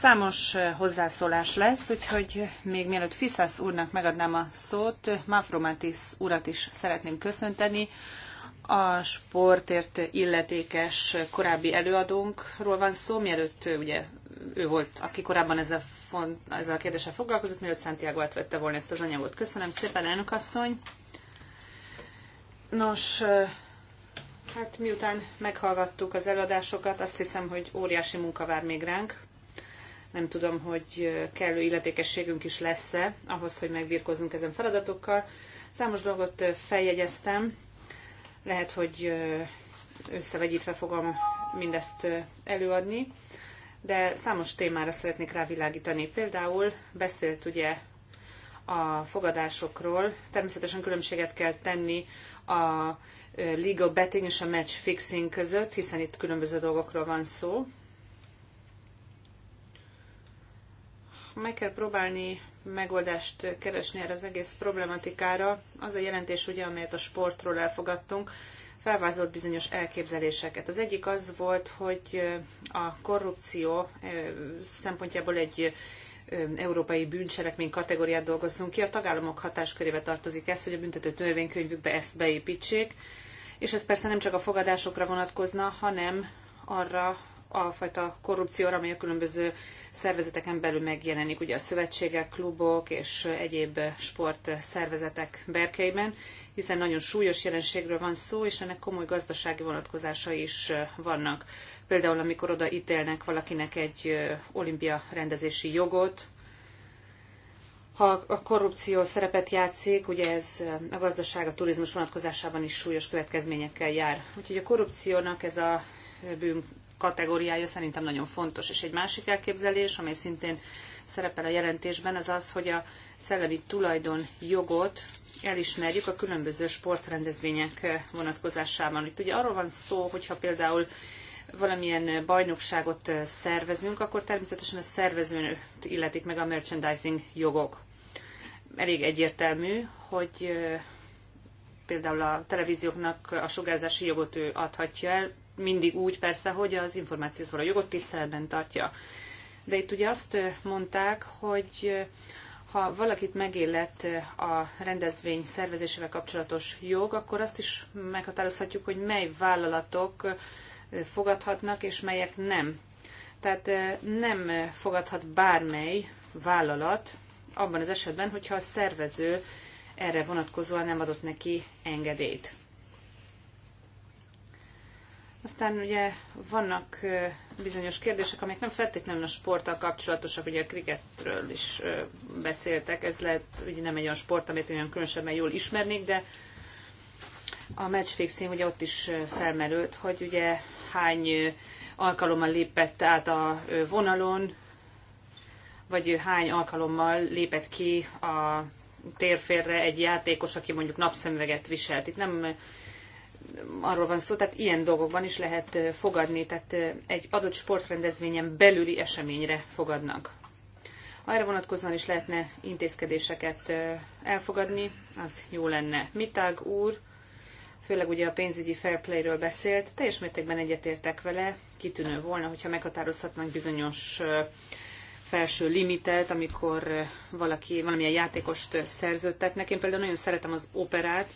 Számos hozzászólás lesz, úgyhogy még mielőtt Fiszász úrnak megadnám a szót, Mafromatis urat is szeretném köszönteni. A sportért illetékes korábbi előadónkról van szó, mielőtt ugye ő volt, aki korábban ezzel, font, ezzel a kérdéssel foglalkozott, mielőtt Santiago átvette volna ezt az anyagot. Köszönöm szépen, elnök asszony! Nos, hát miután meghallgattuk az előadásokat, azt hiszem, hogy óriási munka vár még ránk. Nem tudom, hogy kellő illetékességünk is lesz-e ahhoz, hogy megbírkozzunk ezen feladatokkal. Számos dolgot feljegyeztem. Lehet, hogy összevegyítve fogom mindezt előadni, de számos témára szeretnék rávilágítani. Például beszélt ugye a fogadásokról. Természetesen különbséget kell tenni a legal betting és a match fixing között, hiszen itt különböző dolgokról van szó. meg kell próbálni megoldást keresni erre az egész problematikára. Az a jelentés, ugye, amelyet a sportról elfogadtunk, felvázolt bizonyos elképzeléseket. Az egyik az volt, hogy a korrupció szempontjából egy európai bűncselekmény kategóriát dolgozzunk ki. A tagállamok hatáskörébe tartozik ez, hogy a büntető törvénykönyvükbe ezt beépítsék. És ez persze nem csak a fogadásokra vonatkozna, hanem arra, a fajta korrupcióra, amely a különböző szervezeteken belül megjelenik, ugye a szövetségek, klubok és egyéb sportszervezetek berkeiben, hiszen nagyon súlyos jelenségről van szó, és ennek komoly gazdasági vonatkozásai is vannak. Például, amikor oda ítélnek valakinek egy olimpia rendezési jogot, ha a korrupció szerepet játszik, ugye ez a gazdaság, a turizmus vonatkozásában is súlyos következményekkel jár. Úgyhogy a korrupciónak ez a bűn kategóriája szerintem nagyon fontos. És egy másik elképzelés, amely szintén szerepel a jelentésben, az az, hogy a szellemi tulajdon jogot elismerjük a különböző sportrendezvények vonatkozásában. Itt ugye arról van szó, hogyha például valamilyen bajnokságot szervezünk, akkor természetesen a szervezőnőt illetik meg a merchandising jogok. Elég egyértelmű, hogy például a televízióknak a sugárzási jogot ő adhatja el, mindig úgy persze, hogy az információhoz való jogot tiszteletben tartja. De itt ugye azt mondták, hogy ha valakit megillett a rendezvény szervezésével kapcsolatos jog, akkor azt is meghatározhatjuk, hogy mely vállalatok fogadhatnak, és melyek nem. Tehát nem fogadhat bármely vállalat abban az esetben, hogyha a szervező erre vonatkozóan nem adott neki engedélyt. Aztán ugye vannak bizonyos kérdések, amik nem feltétlenül a sporttal kapcsolatosak, ugye a kriketről is beszéltek, ez lehet, ugye nem egy olyan sport, amit olyan különösebben jól ismernék, de a matchfixing ugye ott is felmerült, hogy ugye hány alkalommal lépett át a vonalon, vagy hány alkalommal lépett ki a térférre egy játékos, aki mondjuk napszemüveget viselt. Itt nem arról van szó, tehát ilyen dolgokban is lehet fogadni, tehát egy adott sportrendezvényen belüli eseményre fogadnak. Erre vonatkozóan is lehetne intézkedéseket elfogadni, az jó lenne. Mitág úr, főleg ugye a pénzügyi fair play-ről beszélt, teljes mértékben egyetértek vele, kitűnő volna, hogyha meghatározhatnánk bizonyos felső limitet, amikor valaki, valamilyen játékost szerződtetnek. Én például nagyon szeretem az operát,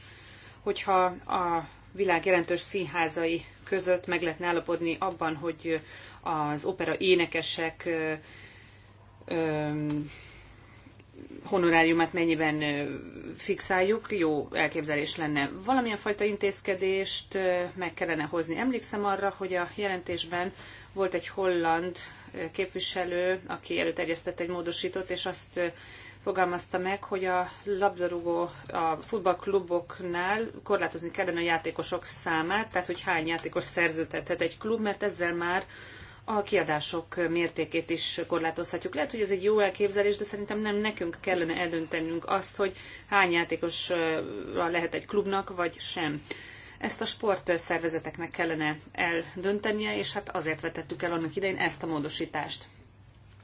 hogyha a világ jelentős színházai között meg lehetne állapodni abban, hogy az opera énekesek honoráriumát mennyiben fixáljuk, jó elképzelés lenne. Valamilyen fajta intézkedést meg kellene hozni. Emlékszem arra, hogy a jelentésben volt egy holland képviselő, aki előterjesztett egy módosítót, és azt fogalmazta meg, hogy a labdarúgó, a futballkluboknál korlátozni kellene a játékosok számát, tehát hogy hány játékos szerződhet egy klub, mert ezzel már a kiadások mértékét is korlátozhatjuk. Lehet, hogy ez egy jó elképzelés, de szerintem nem nekünk kellene eldöntenünk azt, hogy hány játékos lehet egy klubnak, vagy sem. Ezt a sportszervezeteknek kellene eldöntenie, és hát azért vetettük el annak idején ezt a módosítást.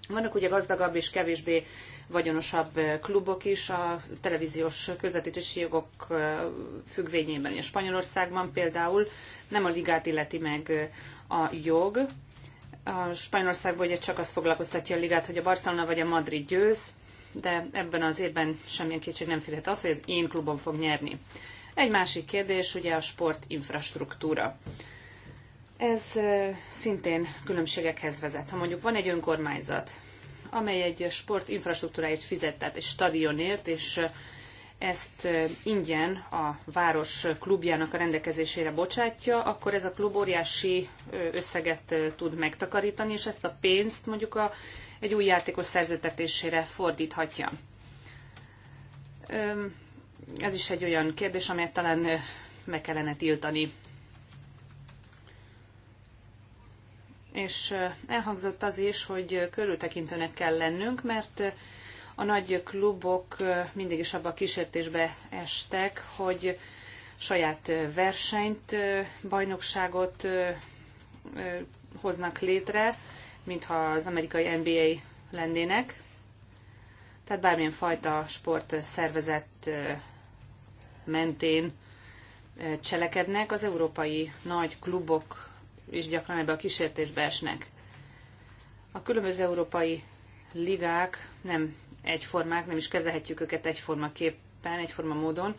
Vannak ugye gazdagabb és kevésbé vagyonosabb eh, klubok is a televíziós közvetítési jogok eh, függvényében. A Spanyolországban például nem a ligát illeti meg eh, a jog. A Spanyolországban ugye csak az foglalkoztatja a ligát, hogy a Barcelona vagy a Madrid győz, de ebben az évben semmilyen kétség nem férhet az, hogy az én klubom fog nyerni. Egy másik kérdés ugye a sportinfrastruktúra. infrastruktúra ez szintén különbségekhez vezet. Ha mondjuk van egy önkormányzat, amely egy sportinfrastruktúráért fizet, tehát egy stadionért, és ezt ingyen a város klubjának a rendelkezésére bocsátja, akkor ez a klub óriási összeget tud megtakarítani, és ezt a pénzt mondjuk a, egy új játékos szerzőtetésére fordíthatja. Ez is egy olyan kérdés, amelyet talán meg kellene tiltani és elhangzott az is, hogy körültekintőnek kell lennünk, mert a nagy klubok mindig is abba a kísértésbe estek, hogy saját versenyt, bajnokságot hoznak létre, mintha az amerikai NBA lennének. Tehát bármilyen fajta sport szervezet mentén cselekednek. Az európai nagy klubok és gyakran ebbe a kísértésbe esnek. A különböző európai ligák nem egyformák, nem is kezelhetjük őket képpen, egyforma módon.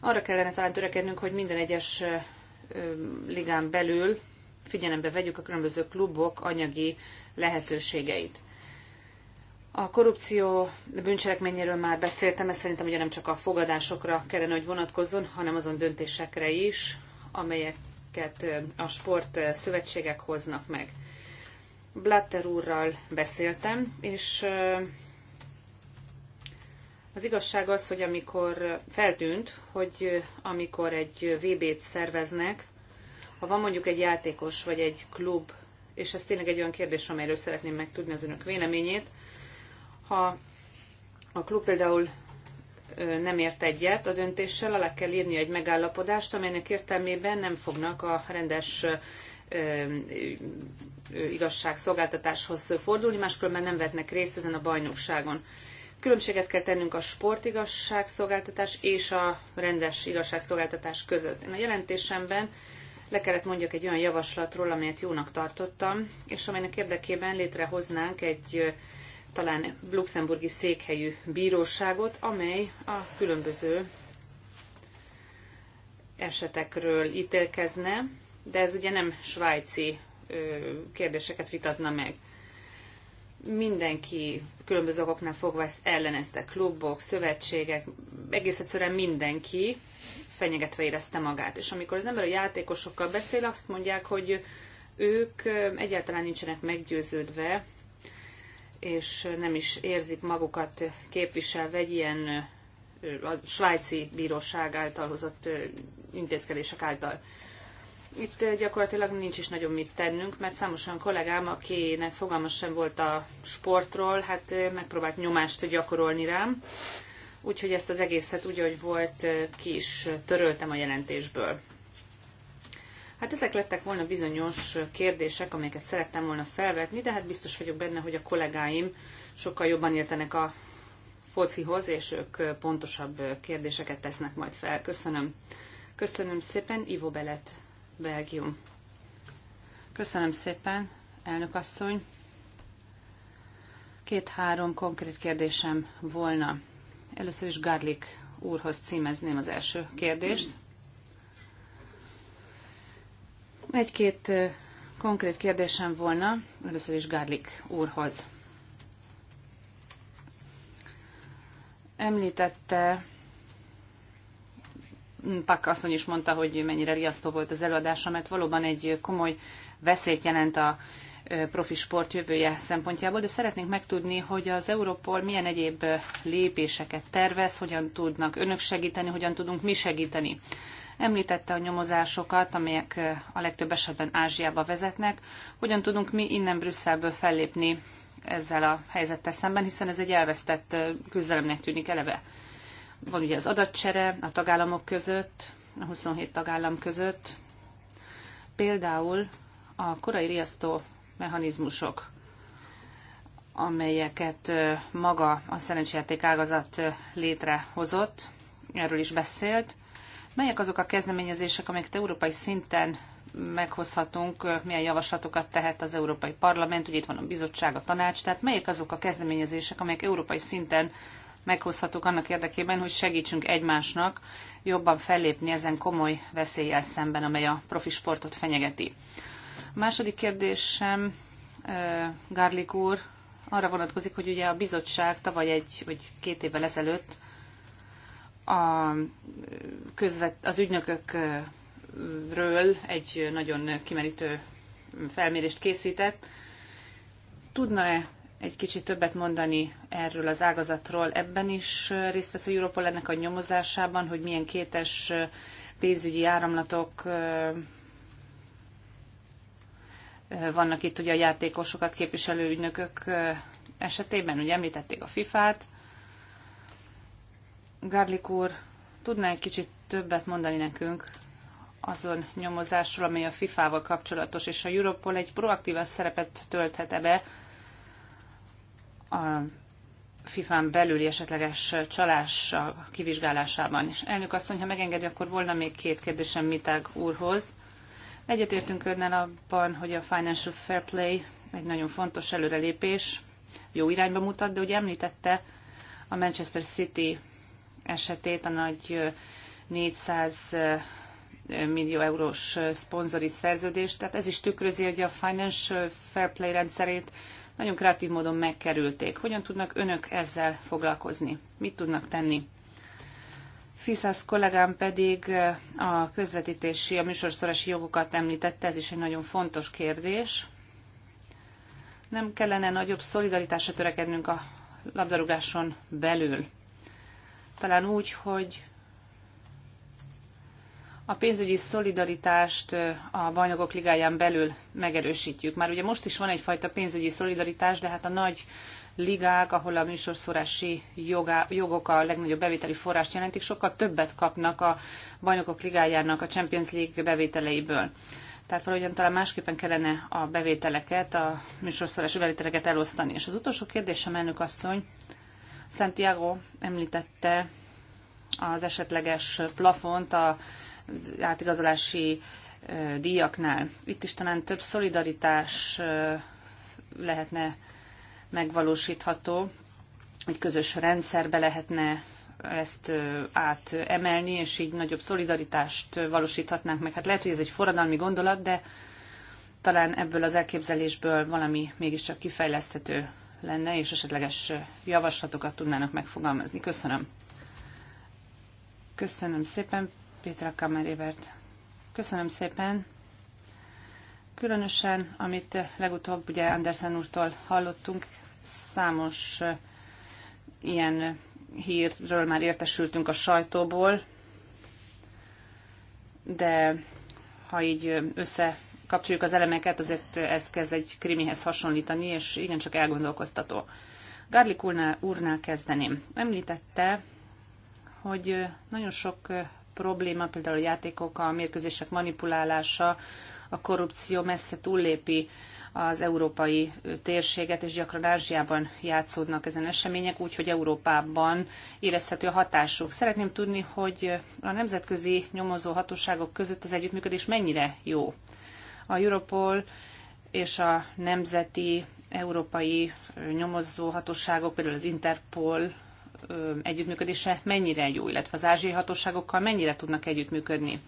Arra kellene talán törekednünk, hogy minden egyes ligán belül figyelembe vegyük a különböző klubok anyagi lehetőségeit. A korrupció bűncselekményéről már beszéltem, ez szerintem ugye nem csak a fogadásokra kellene, hogy vonatkozzon, hanem azon döntésekre is, amelyek amiket a sport szövetségek hoznak meg. Blatter úrral beszéltem, és az igazság az, hogy amikor feltűnt, hogy amikor egy VB-t szerveznek, ha van mondjuk egy játékos vagy egy klub, és ez tényleg egy olyan kérdés, amelyről szeretném megtudni az önök véleményét, ha a klub például nem ért egyet a döntéssel, alá kell írni egy megállapodást, amelynek értelmében nem fognak a rendes igazságszolgáltatáshoz fordulni, máskülönben nem vetnek részt ezen a bajnokságon. Különbséget kell tennünk a sportigazságszolgáltatás és a rendes igazságszolgáltatás között. Én a jelentésemben le kellett mondjak egy olyan javaslatról, amelyet jónak tartottam, és amelynek érdekében létrehoznánk egy talán luxemburgi székhelyű bíróságot, amely a különböző esetekről ítélkezne, de ez ugye nem svájci kérdéseket vitatna meg. Mindenki különböző okoknál fogva ezt ellenezte, klubok, szövetségek, egész egyszerűen mindenki fenyegetve érezte magát. És amikor az ember a játékosokkal beszél, azt mondják, hogy ők egyáltalán nincsenek meggyőződve és nem is érzik magukat képviselve egy ilyen a svájci bíróság által hozott intézkedések által. Itt gyakorlatilag nincs is nagyon mit tennünk, mert számos olyan kollégám, akinek fogalmas sem volt a sportról, hát megpróbált nyomást gyakorolni rám. Úgyhogy ezt az egészet úgy, hogy volt, ki is töröltem a jelentésből. Hát ezek lettek volna bizonyos kérdések, amelyeket szerettem volna felvetni, de hát biztos vagyok benne, hogy a kollégáim sokkal jobban értenek a focihoz, és ők pontosabb kérdéseket tesznek majd fel. Köszönöm. Köszönöm szépen, Ivo Belet, Belgium. Köszönöm szépen, elnök asszony. Két-három konkrét kérdésem volna. Először is Garlic úrhoz címezném az első kérdést. Egy-két konkrét kérdésem volna, először is Gárlik úrhoz. Említette, hm, Pak asszony is mondta, hogy mennyire riasztó volt az előadása, mert valóban egy komoly veszélyt jelent a profi sport jövője szempontjából, de szeretnénk megtudni, hogy az Európol milyen egyéb lépéseket tervez, hogyan tudnak önök segíteni, hogyan tudunk mi segíteni Említette a nyomozásokat, amelyek a legtöbb esetben Ázsiába vezetnek. Hogyan tudunk mi innen Brüsszelből fellépni ezzel a helyzettel szemben, hiszen ez egy elvesztett küzdelemnek tűnik eleve. Van ugye az adatcsere a tagállamok között, a 27 tagállam között. Például a korai riasztó mechanizmusok, amelyeket maga a szerencsejáték ágazat létrehozott, erről is beszélt. Melyek azok a kezdeményezések, amelyeket európai szinten meghozhatunk, milyen javaslatokat tehet az Európai Parlament, ugye itt van a bizottság, a tanács, tehát melyek azok a kezdeményezések, amelyek európai szinten meghozhatók annak érdekében, hogy segítsünk egymásnak jobban fellépni ezen komoly veszéllyel szemben, amely a profi sportot fenyegeti. A második kérdésem, Gárlik úr, arra vonatkozik, hogy ugye a bizottság tavaly egy, vagy két évvel ezelőtt a közvet, az ügynökökről egy nagyon kimerítő felmérést készített. Tudna-e egy kicsit többet mondani erről az ágazatról? Ebben is részt vesz a Europol ennek a nyomozásában, hogy milyen kétes pénzügyi áramlatok vannak itt ugye a játékosokat képviselő ügynökök esetében, ugye említették a FIFA-t, Garlic úr tudná egy kicsit többet mondani nekünk azon nyomozásról, amely a FIFA-val kapcsolatos, és a Europol egy proaktív szerepet tölthet be a FIFA-n belüli esetleges csalás kivizsgálásában. És elnök asszony, ha megengedi, akkor volna még két kérdésem Mitág úrhoz. Egyetértünk önnel abban, hogy a Financial Fair Play egy nagyon fontos előrelépés, jó irányba mutat, de ugye említette a Manchester City esetét, a nagy 400 millió eurós szponzori szerződést, tehát ez is tükrözi, hogy a Financial Fair Play rendszerét nagyon kreatív módon megkerülték. Hogyan tudnak önök ezzel foglalkozni? Mit tudnak tenni? Fiszász kollégám pedig a közvetítési, a műsorszoros jogokat említette, ez is egy nagyon fontos kérdés. Nem kellene nagyobb szolidaritásra törekednünk a labdarúgáson belül talán úgy, hogy a pénzügyi szolidaritást a bajnokok ligáján belül megerősítjük. Már ugye most is van egyfajta pénzügyi szolidaritás, de hát a nagy ligák, ahol a műsorszórási jogá, jogok a legnagyobb bevételi forrást jelentik, sokkal többet kapnak a bajnokok ligájának a Champions League bevételeiből. Tehát valahogyan talán másképpen kellene a bevételeket, a műsorszórási bevételeket elosztani. És az utolsó kérdésem, elnök asszony, Santiago említette az esetleges plafont a átigazolási díjaknál. Itt is talán több szolidaritás lehetne megvalósítható, egy közös rendszerbe lehetne ezt átemelni, és így nagyobb szolidaritást valósíthatnánk meg. Hát lehet, hogy ez egy forradalmi gondolat, de talán ebből az elképzelésből valami mégiscsak kifejleszthető lenne, és esetleges javaslatokat tudnának megfogalmazni. Köszönöm. Köszönöm szépen, Pétra Kamerévert. Köszönöm szépen. Különösen, amit legutóbb ugye Andersen úrtól hallottunk, számos ilyen hírről már értesültünk a sajtóból, de ha így össze kapcsoljuk az elemeket, azért ez kezd egy krimihez hasonlítani, és igencsak elgondolkoztató. Garlic úrnál, úrnál kezdeném. Említette, hogy nagyon sok probléma, például a játékok, a mérkőzések manipulálása, a korrupció messze túllépi az európai térséget, és gyakran Ázsiában játszódnak ezen események, úgyhogy Európában érezhető a hatásuk. Szeretném tudni, hogy a nemzetközi nyomozó hatóságok között az együttműködés mennyire jó a Europol és a nemzeti európai nyomozó hatóságok, például az Interpol együttműködése mennyire jó, illetve az ázsiai hatóságokkal mennyire tudnak együttműködni.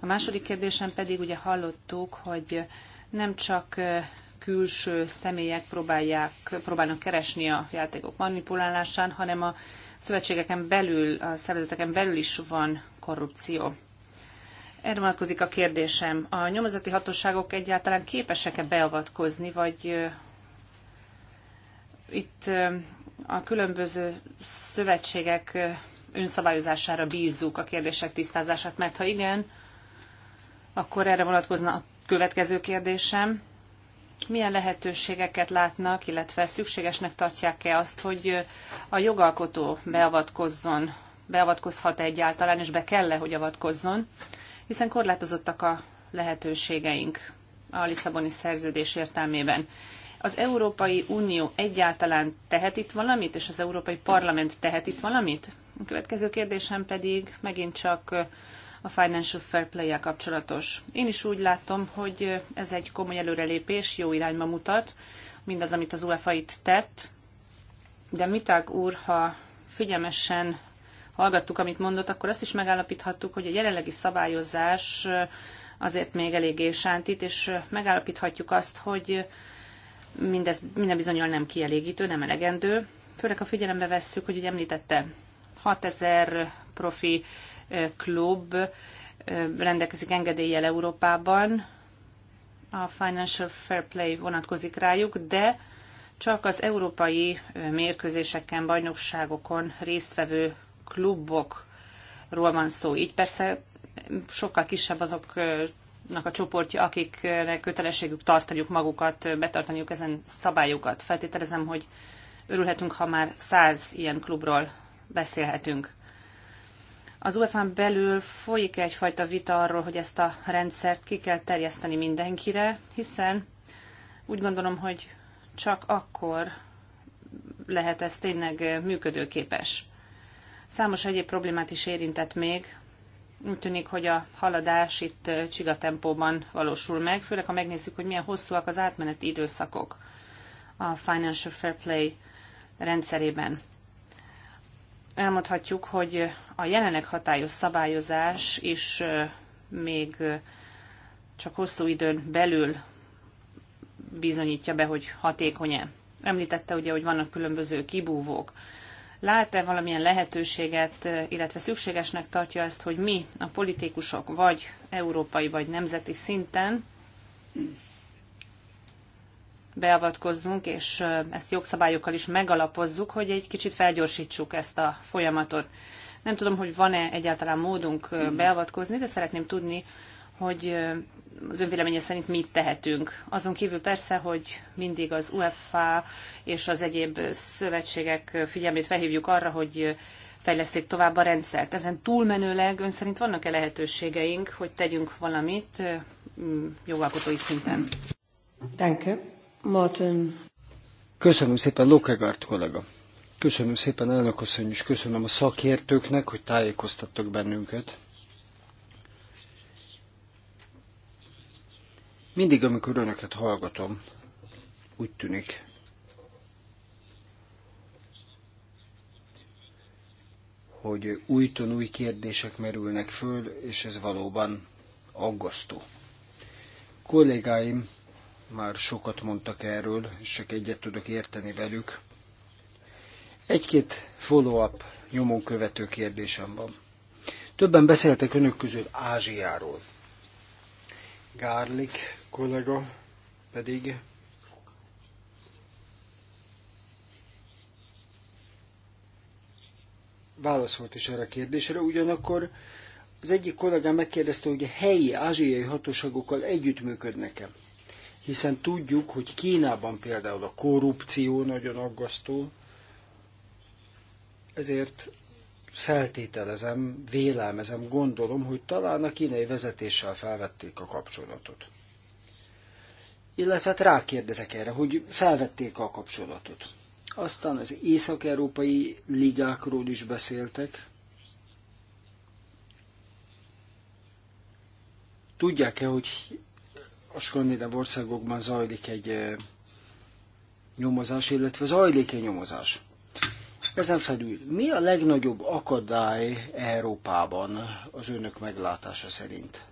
A második kérdésem pedig ugye hallottuk, hogy nem csak külső személyek próbálják, próbálnak keresni a játékok manipulálásán, hanem a szövetségeken belül, a szervezeteken belül is van korrupció. Erre vonatkozik a kérdésem. A nyomozati hatóságok egyáltalán képesek-e beavatkozni, vagy itt a különböző szövetségek önszabályozására bízzuk a kérdések tisztázását, mert ha igen, akkor erre vonatkozna a következő kérdésem. Milyen lehetőségeket látnak, illetve szükségesnek tartják-e azt, hogy a jogalkotó beavatkozzon, beavatkozhat -e egyáltalán, és be kell -e, hogy avatkozzon, hiszen korlátozottak a lehetőségeink a Lisszaboni szerződés értelmében. Az Európai Unió egyáltalán tehet itt valamit, és az Európai Parlament tehet itt valamit? A következő kérdésem pedig megint csak a Financial Fair play kapcsolatos. Én is úgy látom, hogy ez egy komoly előrelépés, jó irányba mutat, mindaz, amit az UEFA itt tett, de Miták úr, ha figyelmesen hallgattuk, amit mondott, akkor azt is megállapíthattuk, hogy a jelenlegi szabályozás azért még eléggé sántít, és megállapíthatjuk azt, hogy mindez minden bizonyal nem kielégítő, nem elegendő. Főleg, a figyelembe vesszük, hogy ugye említette, 6000 profi klub rendelkezik engedéllyel Európában, a Financial Fair Play vonatkozik rájuk, de csak az európai mérkőzéseken, bajnokságokon résztvevő klubokról van szó. Így persze sokkal kisebb azoknak a csoportja, akiknek kötelességük tartaniuk magukat, betartaniuk ezen szabályokat. Feltételezem, hogy örülhetünk, ha már száz ilyen klubról beszélhetünk. Az uefa belül folyik egyfajta vita arról, hogy ezt a rendszert ki kell terjeszteni mindenkire, hiszen úgy gondolom, hogy csak akkor lehet ez tényleg működőképes. Számos egyéb problémát is érintett még. Úgy tűnik, hogy a haladás itt csigatempóban valósul meg, főleg ha megnézzük, hogy milyen hosszúak az átmeneti időszakok a Financial Fair Play rendszerében. Elmondhatjuk, hogy a jelenleg hatályos szabályozás is még csak hosszú időn belül bizonyítja be, hogy hatékony-e. Említette ugye, hogy vannak különböző kibúvók. Lát-e valamilyen lehetőséget, illetve szükségesnek tartja ezt, hogy mi, a politikusok, vagy európai, vagy nemzeti szinten beavatkozzunk, és ezt jogszabályokkal is megalapozzuk, hogy egy kicsit felgyorsítsuk ezt a folyamatot. Nem tudom, hogy van-e egyáltalán módunk beavatkozni, de szeretném tudni, hogy az önvéleménye szerint mit tehetünk. Azon kívül persze, hogy mindig az UEFA és az egyéb szövetségek figyelmét felhívjuk arra, hogy fejleszték tovább a rendszert. Ezen túlmenőleg ön szerint vannak-e lehetőségeink, hogy tegyünk valamit jogalkotói szinten? Danke. Martin. Köszönöm szépen, Lokegaard kollega. Köszönöm szépen, elnök asszony, és köszönöm a szakértőknek, hogy tájékoztattak bennünket. Mindig, amikor önöket hallgatom, úgy tűnik, hogy újton új kérdések merülnek föl, és ez valóban aggasztó. Kollégáim már sokat mondtak erről, és csak egyet tudok érteni velük. Egy-két follow-up nyomon követő kérdésem van. Többen beszéltek önök közül Ázsiáról. Gárlik kollega pedig válaszolt is erre a kérdésre, ugyanakkor az egyik kollégám megkérdezte, hogy a helyi ázsiai hatóságokkal együttműködnek-e. Hiszen tudjuk, hogy Kínában például a korrupció nagyon aggasztó, ezért feltételezem, vélelmezem, gondolom, hogy talán a kínai vezetéssel felvették a kapcsolatot. Illetve hát rákérdezek erre, hogy felvették a kapcsolatot. Aztán az észak-európai ligákról is beszéltek. Tudják-e, hogy a skandináv országokban zajlik egy eh, nyomozás, illetve zajlik egy nyomozás? Ezen felül mi a legnagyobb akadály Európában az önök meglátása szerint?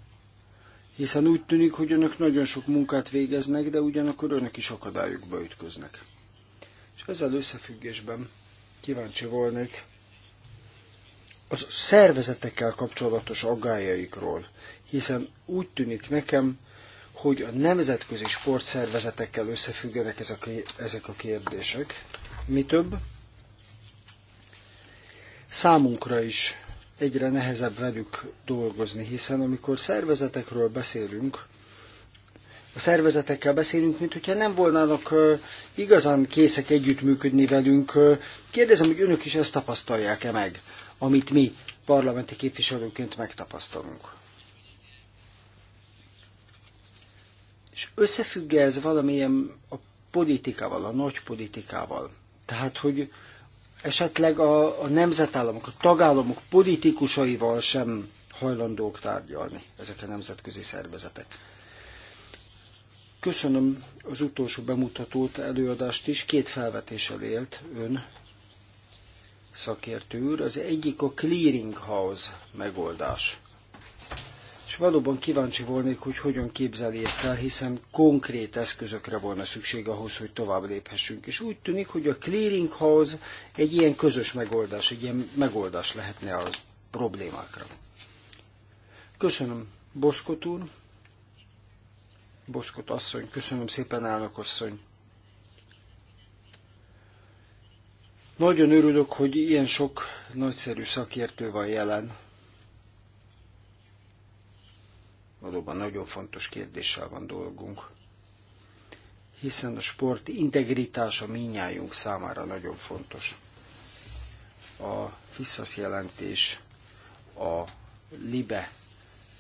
Hiszen úgy tűnik, hogy önök nagyon sok munkát végeznek, de ugyanakkor önök is akadályokba ütköznek. És ezzel összefüggésben kíváncsi volnék az szervezetekkel kapcsolatos aggájaikról, hiszen úgy tűnik nekem, hogy a nemzetközi sportszervezetekkel összefüggenek ezek a, ezek a kérdések. Mi több, számunkra is egyre nehezebb velük dolgozni, hiszen amikor szervezetekről beszélünk, a szervezetekkel beszélünk, mint hogyha nem volnának igazán készek együttműködni velünk. Kérdezem, hogy önök is ezt tapasztalják-e meg, amit mi parlamenti képviselőként megtapasztalunk. És összefügg ez valamilyen a politikával, a nagy politikával. Tehát, hogy esetleg a, a nemzetállamok, a tagállamok politikusaival sem hajlandók tárgyalni ezek a nemzetközi szervezetek. Köszönöm az utolsó bemutatót, előadást is. Két felvetéssel élt ön, szakértő úr. Az egyik a Clearing House megoldás és valóban kíváncsi volnék, hogy hogyan képzeli ezt el, hiszen konkrét eszközökre volna szükség ahhoz, hogy tovább léphessünk. És úgy tűnik, hogy a clearing house egy ilyen közös megoldás, egy ilyen megoldás lehetne a problémákra. Köszönöm, Boszkot úr. Boszkot asszony, köszönöm szépen, állnak asszony. Nagyon örülök, hogy ilyen sok nagyszerű szakértő van jelen Valóban nagyon fontos kérdéssel van dolgunk, hiszen a sport integritása minnyájunk számára nagyon fontos. A FISZASZ jelentés a LIBE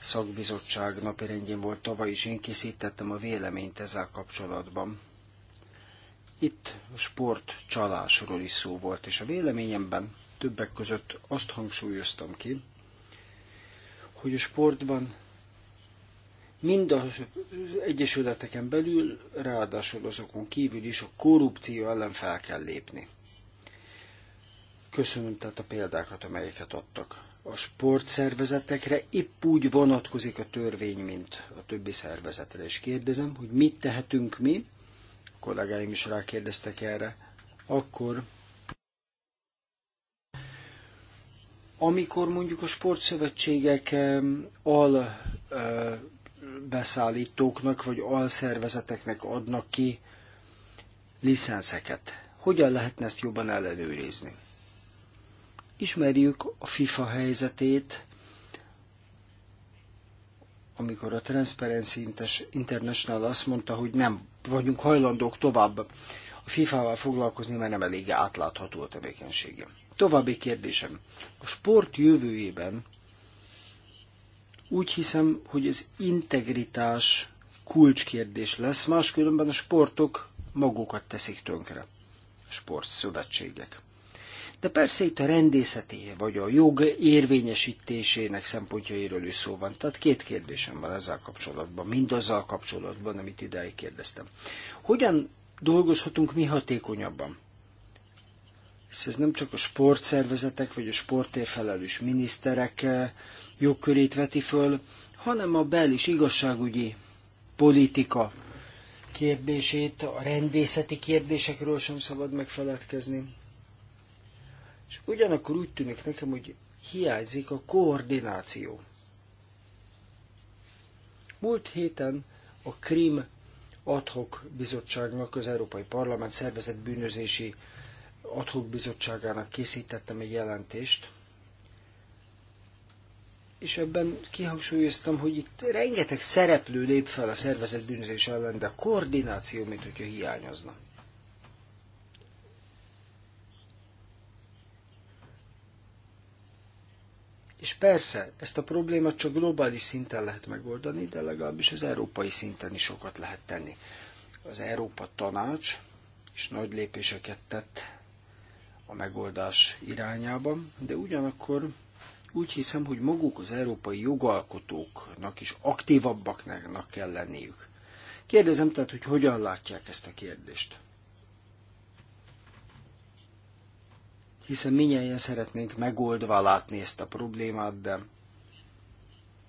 szakbizottság napirendjén volt tavaly, és én készítettem a véleményt ezzel kapcsolatban. Itt a sport csalásról is szó volt, és a véleményemben többek között azt hangsúlyoztam ki, hogy a sportban mind az egyesületeken belül, ráadásul azokon kívül is a korrupció ellen fel kell lépni. Köszönöm tehát a példákat, amelyeket adtak. A sportszervezetekre épp úgy vonatkozik a törvény, mint a többi szervezetre, és kérdezem, hogy mit tehetünk mi, a kollégáim is rákérdeztek erre, akkor, amikor mondjuk a sportszövetségek al beszállítóknak vagy alszervezeteknek adnak ki licenszeket. Hogyan lehetne ezt jobban ellenőrizni? Ismerjük a FIFA helyzetét, amikor a Transparency International azt mondta, hogy nem vagyunk hajlandók tovább a FIFA-val foglalkozni, mert nem elég átlátható a tevékenysége. További kérdésem. A sport jövőjében úgy hiszem, hogy az integritás kulcskérdés lesz, máskülönben a sportok magukat teszik tönkre, a sportszövetségek. De persze itt a rendészeti vagy a jog érvényesítésének szempontjairól is szó van. Tehát két kérdésem van ezzel kapcsolatban, mindazzal kapcsolatban, amit idáig kérdeztem. Hogyan dolgozhatunk mi hatékonyabban? hisz ez nem csak a sportszervezetek vagy a sportér felelős miniszterek eh, jogkörét veti föl, hanem a bel- és igazságügyi politika kérdését, a rendészeti kérdésekről sem szabad megfeledkezni. És ugyanakkor úgy tűnik nekem, hogy hiányzik a koordináció. Múlt héten a Krim adhok bizottságnak az Európai Parlament szervezett bűnözési adhok bizottságának készítettem egy jelentést, és ebben kihangsúlyoztam, hogy itt rengeteg szereplő lép fel a szervezet bűnözés ellen, de a koordináció, mint hogyha hiányozna. És persze, ezt a problémát csak globális szinten lehet megoldani, de legalábbis az európai szinten is sokat lehet tenni. Az Európa Tanács is nagy lépéseket tett a megoldás irányában, de ugyanakkor úgy hiszem, hogy maguk az európai jogalkotóknak is aktívabbaknak kell lenniük. Kérdezem tehát, hogy hogyan látják ezt a kérdést. Hiszen minnyáján szeretnénk megoldva látni ezt a problémát, de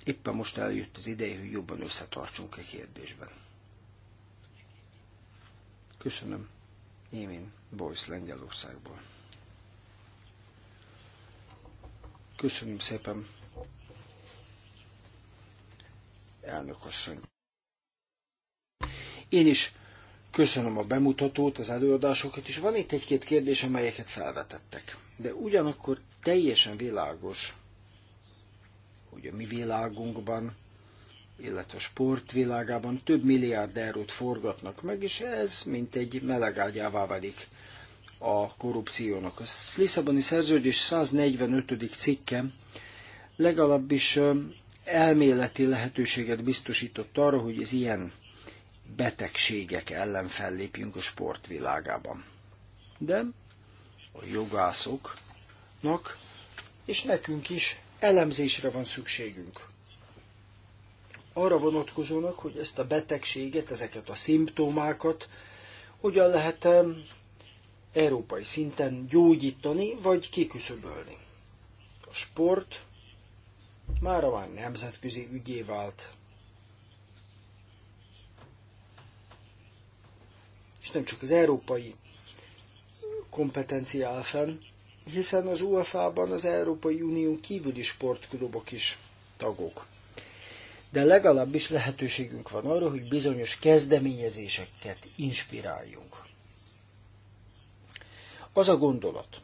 éppen most eljött az ideje, hogy jobban összetartsunk a e kérdésben. Köszönöm. Émin Boyce Lengyelországból. Köszönöm szépen. Elnök asszony. Én is köszönöm a bemutatót, az előadásokat, és van itt egy-két kérdés, amelyeket felvetettek. De ugyanakkor teljesen világos, hogy a mi világunkban, illetve a sportvilágában több milliárd eurót forgatnak meg, és ez mint egy melegágyává válik a korrupciónak. A Lisszaboni szerződés 145. cikke legalábbis elméleti lehetőséget biztosított arra, hogy az ilyen betegségek ellen fellépjünk a sportvilágában. De a jogászoknak és nekünk is elemzésre van szükségünk. Arra vonatkozónak, hogy ezt a betegséget, ezeket a szimptomákat hogyan lehet európai szinten gyógyítani vagy kiküszöbölni. A sport már a már nemzetközi ügyé vált. És nem csak az európai kompetencia áll fenn, hiszen az UEFA-ban az Európai Unió kívüli sportklubok is tagok. De legalábbis lehetőségünk van arra, hogy bizonyos kezdeményezéseket inspiráljunk. Az a gondolat,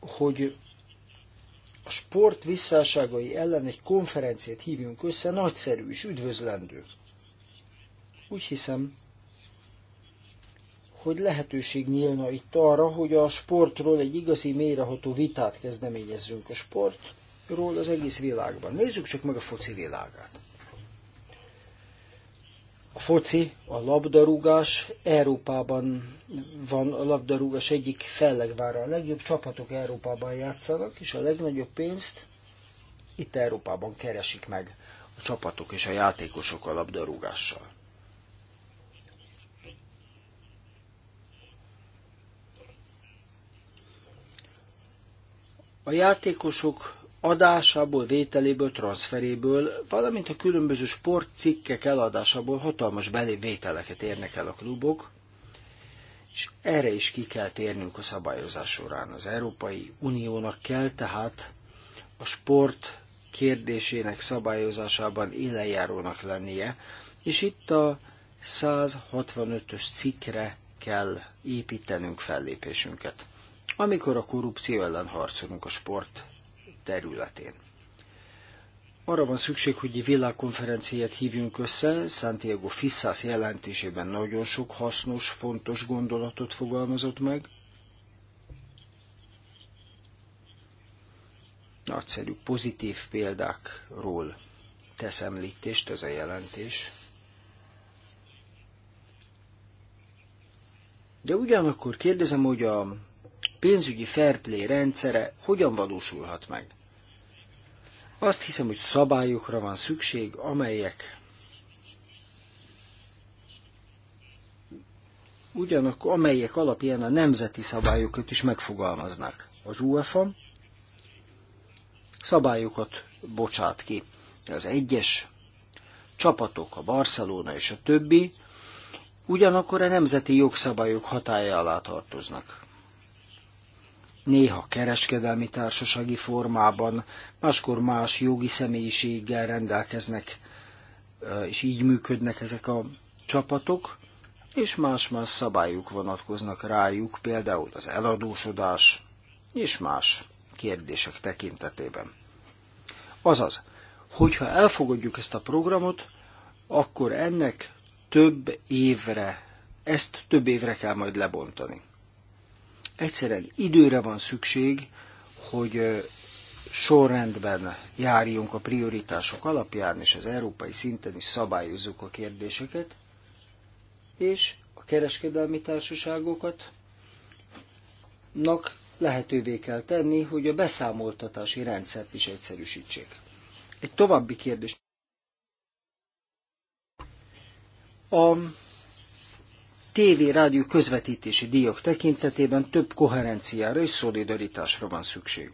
hogy a sport visszáságai ellen egy konferenciát hívjunk össze, nagyszerű és üdvözlendő. Úgy hiszem, hogy lehetőség nyílna itt arra, hogy a sportról egy igazi mélyreható vitát kezdeményezzünk a sportról az egész világban. Nézzük csak meg a foci világát. A foci, a labdarúgás Európában van a labdarúgás egyik fellegvára. A legjobb csapatok Európában játszanak, és a legnagyobb pénzt itt Európában keresik meg a csapatok és a játékosok a labdarúgással. A játékosok adásából, vételéből, transferéből, valamint a különböző sportcikkek eladásából hatalmas belévételeket érnek el a klubok, és erre is ki kell térnünk a szabályozás során. Az Európai Uniónak kell tehát a sport kérdésének szabályozásában élejárónak lennie, és itt a 165-ös cikkre kell építenünk fellépésünket. Amikor a korrupció ellen harcolunk a sport területén. Arra van szükség, hogy egy világkonferenciát hívjunk össze. Santiago Fissas jelentésében nagyon sok hasznos, fontos gondolatot fogalmazott meg. Nagyszerű, pozitív példákról tesz említést ez a jelentés. De ugyanakkor kérdezem, hogy a pénzügyi fair play rendszere hogyan valósulhat meg. Azt hiszem, hogy szabályokra van szükség, amelyek ugyanakkor amelyek alapján a nemzeti szabályokat is megfogalmaznak. Az UEFA szabályokat bocsát ki. Az egyes csapatok, a Barcelona és a többi, ugyanakkor a nemzeti jogszabályok hatája alá tartoznak néha kereskedelmi társasági formában, máskor más jogi személyiséggel rendelkeznek, és így működnek ezek a csapatok, és más-más szabályok vonatkoznak rájuk, például az eladósodás és más kérdések tekintetében. Azaz, hogyha elfogadjuk ezt a programot, akkor ennek több évre, ezt több évre kell majd lebontani. Egyszerűen időre van szükség, hogy sorrendben járjunk a prioritások alapján, és az európai szinten is szabályozzuk a kérdéseket, és a kereskedelmi társaságokat lehetővé kell tenni, hogy a beszámoltatási rendszert is egyszerűsítsék. Egy további kérdés. A tévé rádió közvetítési díjak tekintetében több koherenciára és szolidaritásra van szükség.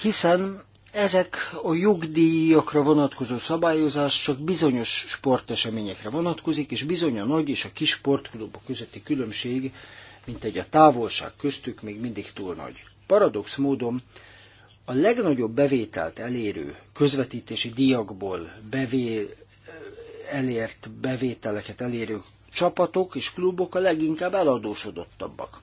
Hiszen ezek a jogdíjakra vonatkozó szabályozás csak bizonyos sporteseményekre vonatkozik, és bizony a nagy és a kis sportklubok közötti különbség, mint egy a távolság köztük még mindig túl nagy. Paradox módon a legnagyobb bevételt elérő közvetítési díjakból bevé, elért bevételeket elérő csapatok és klubok a leginkább eladósodottabbak.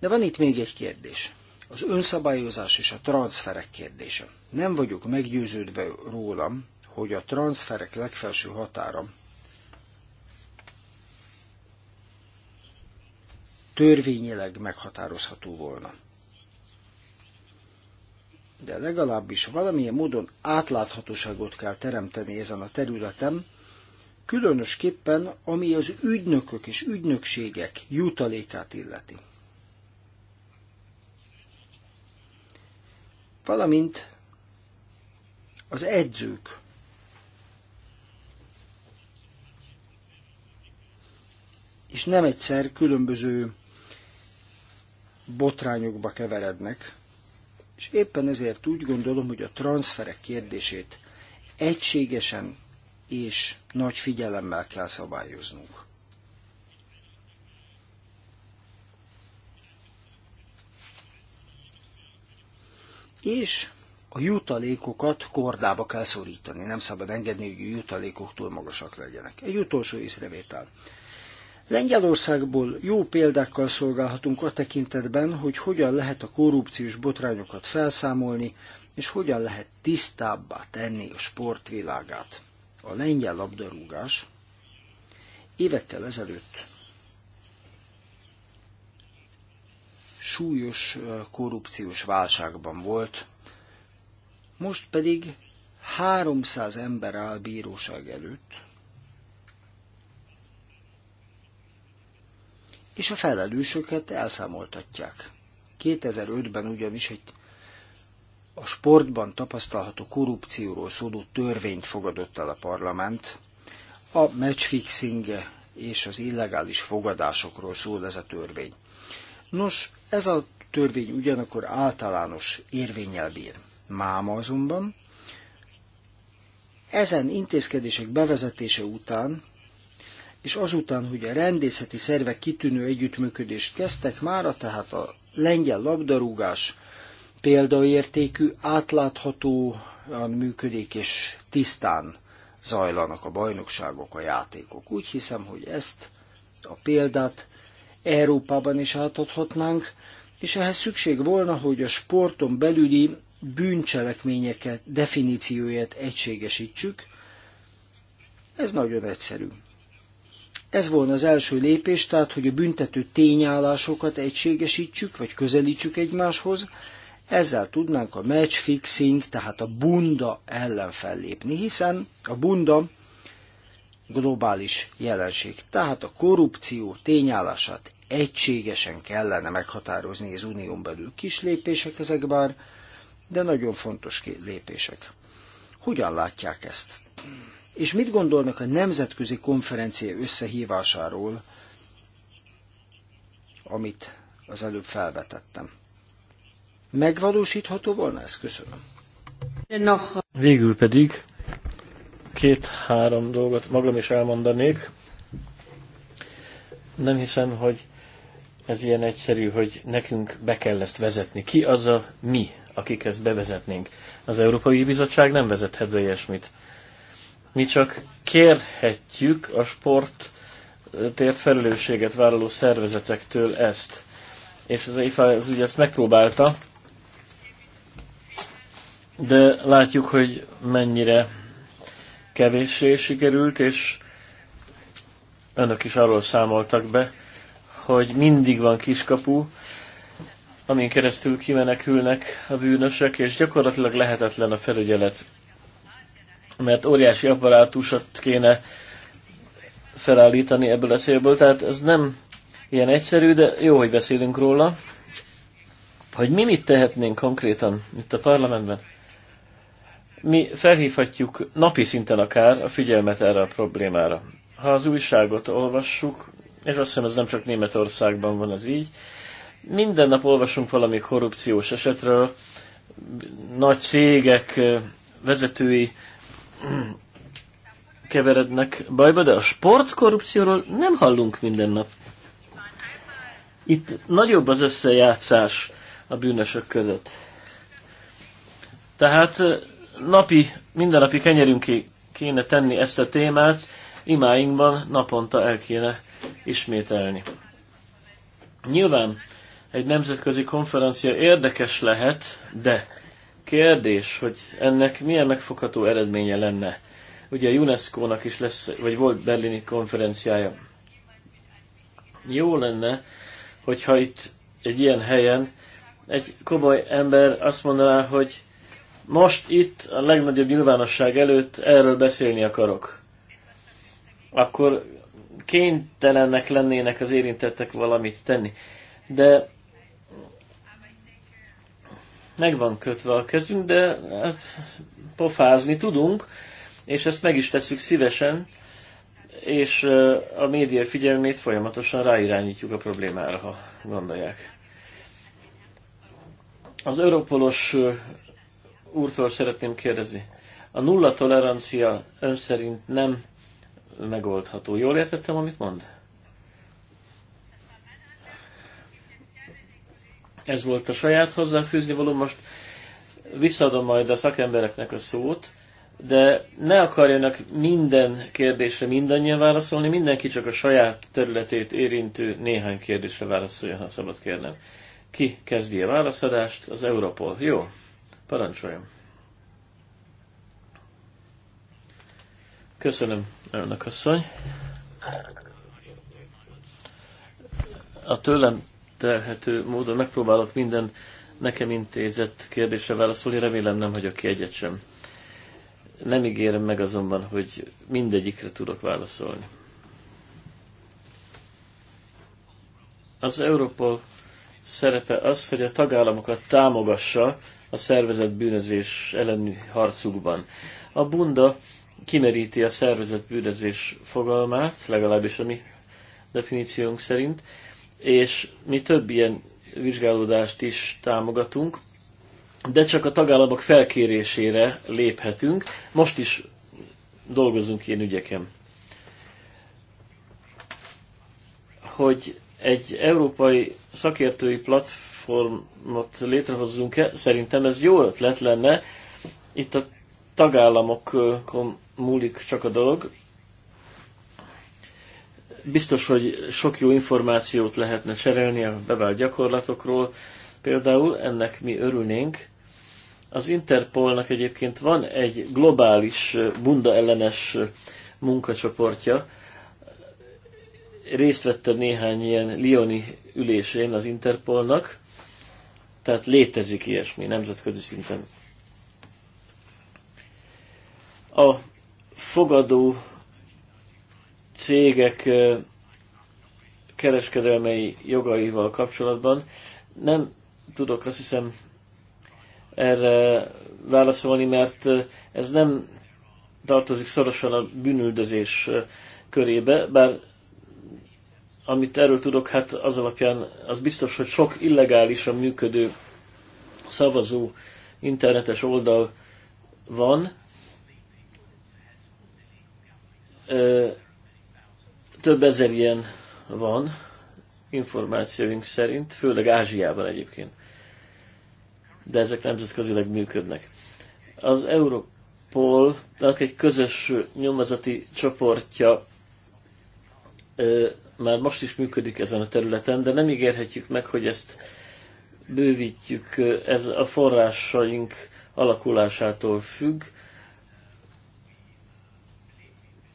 De van itt még egy kérdés. Az önszabályozás és a transferek kérdése. Nem vagyok meggyőződve rólam, hogy a transferek legfelső határa törvényileg meghatározható volna de legalábbis valamilyen módon átláthatóságot kell teremteni ezen a területen, különösképpen ami az ügynökök és ügynökségek jutalékát illeti. Valamint az edzők és nem egyszer különböző botrányokba keverednek, és éppen ezért úgy gondolom, hogy a transferek kérdését egységesen és nagy figyelemmel kell szabályoznunk. És a jutalékokat kordába kell szorítani, nem szabad engedni, hogy a jutalékok túl magasak legyenek. Egy utolsó észrevétel. Lengyelországból jó példákkal szolgálhatunk a tekintetben, hogy hogyan lehet a korrupciós botrányokat felszámolni, és hogyan lehet tisztábbá tenni a sportvilágát. A lengyel labdarúgás évekkel ezelőtt súlyos korrupciós válságban volt, most pedig 300 ember áll bíróság előtt, és a felelősöket elszámoltatják. 2005-ben ugyanis egy a sportban tapasztalható korrupcióról szóló törvényt fogadott el a parlament. A matchfixing és az illegális fogadásokról szól ez a törvény. Nos, ez a törvény ugyanakkor általános érvényel bír. Máma azonban ezen intézkedések bevezetése után és azután, hogy a rendészeti szervek kitűnő együttműködést kezdtek, mára tehát a lengyel labdarúgás példaértékű, átláthatóan működik, és tisztán zajlanak a bajnokságok, a játékok. Úgy hiszem, hogy ezt a példát Európában is átadhatnánk, és ehhez szükség volna, hogy a sporton belüli bűncselekményeket, definícióját egységesítsük. Ez nagyon egyszerű. Ez volna az első lépés, tehát hogy a büntető tényállásokat egységesítsük, vagy közelítsük egymáshoz, ezzel tudnánk a match fixing, tehát a bunda ellen fellépni, hiszen a bunda globális jelenség. Tehát a korrupció tényállását egységesen kellene meghatározni az unión belül. Kis lépések ezek bár, de nagyon fontos lépések. Hogyan látják ezt? És mit gondolnak a nemzetközi konferencia összehívásáról, amit az előbb felvetettem? Megvalósítható volna ez? Köszönöm. Végül pedig két-három dolgot magam is elmondanék. Nem hiszem, hogy ez ilyen egyszerű, hogy nekünk be kell ezt vezetni. Ki az a mi, akik ezt bevezetnénk? Az Európai Bizottság nem vezethet be ilyesmit. Mi csak kérhetjük a sport tért felelősséget vállaló szervezetektől ezt. És az IFA az ugye ezt megpróbálta, de látjuk, hogy mennyire kevéssé sikerült, és önök is arról számoltak be, hogy mindig van kiskapu, amin keresztül kimenekülnek a bűnösök, és gyakorlatilag lehetetlen a felügyelet mert óriási apparátusot kéne felállítani ebből a célból, tehát ez nem ilyen egyszerű, de jó, hogy beszélünk róla, hogy mi mit tehetnénk konkrétan itt a parlamentben. Mi felhívhatjuk napi szinten akár a figyelmet erre a problémára. Ha az újságot olvassuk, és azt hiszem ez nem csak Németországban van az így, minden nap olvasunk valami korrupciós esetről, nagy cégek vezetői keverednek bajba, de a sportkorrupcióról nem hallunk minden nap. Itt nagyobb az összejátszás a bűnösök között. Tehát napi, mindennapi kenyerünk kéne tenni ezt a témát, imáinkban naponta el kéne ismételni. Nyilván egy nemzetközi konferencia érdekes lehet, de kérdés, hogy ennek milyen megfogható eredménye lenne. Ugye a UNESCO-nak is lesz, vagy volt berlini konferenciája. Jó lenne, hogyha itt egy ilyen helyen egy komoly ember azt mondaná, hogy most itt a legnagyobb nyilvánosság előtt erről beszélni akarok. Akkor kénytelenek lennének az érintettek valamit tenni. De meg van kötve a kezünk, de hát pofázni tudunk, és ezt meg is tesszük szívesen, és a média figyelmét folyamatosan ráirányítjuk a problémára, ha gondolják. Az Európolos úrtól szeretném kérdezni. A nulla tolerancia ön szerint nem megoldható. Jól értettem, amit mond? Ez volt a saját hozzáfűzni való. Most visszaadom majd a szakembereknek a szót, de ne akarjanak minden kérdésre mindannyian válaszolni, mindenki csak a saját területét érintő néhány kérdésre válaszoljon, ha szabad kérnem. Ki kezdi a válaszadást? Az Europol. Jó, parancsoljon. Köszönöm, önök asszony. A tőlem telhető módon megpróbálok minden nekem intézett kérdésre válaszolni, remélem nem hagyok ki egyet sem. Nem ígérem meg azonban, hogy mindegyikre tudok válaszolni. Az Európa szerepe az, hogy a tagállamokat támogassa a szervezett bűnözés elleni harcukban. A bunda kimeríti a szervezett bűnözés fogalmát, legalábbis a mi definíciónk szerint, és mi több ilyen vizsgálódást is támogatunk, de csak a tagállamok felkérésére léphetünk. Most is dolgozunk ilyen ügyeken. Hogy egy európai szakértői platformot létrehozzunk-e, szerintem ez jó ötlet lenne. Itt a tagállamokon múlik csak a dolog, Biztos, hogy sok jó információt lehetne cserélni a bevált gyakorlatokról. Például ennek mi örülnénk. Az Interpolnak egyébként van egy globális eh, bunda ellenes eh, munkacsoportja. Részt vettem néhány ilyen Lioni ülésén az Interpolnak, tehát létezik ilyesmi nemzetközi szinten. A fogadó cégek kereskedelmei jogaival kapcsolatban. Nem tudok azt hiszem erre válaszolni, mert ez nem tartozik szorosan a bűnüldözés körébe, bár amit erről tudok, hát az alapján az biztos, hogy sok illegálisan működő szavazó internetes oldal van, több ezer ilyen van, információink szerint, főleg Ázsiában egyébként. De ezek nemzetközileg működnek. Az Európol egy közös nyomozati csoportja ö, már most is működik ezen a területen, de nem ígérhetjük meg, hogy ezt bővítjük, ez a forrásaink alakulásától függ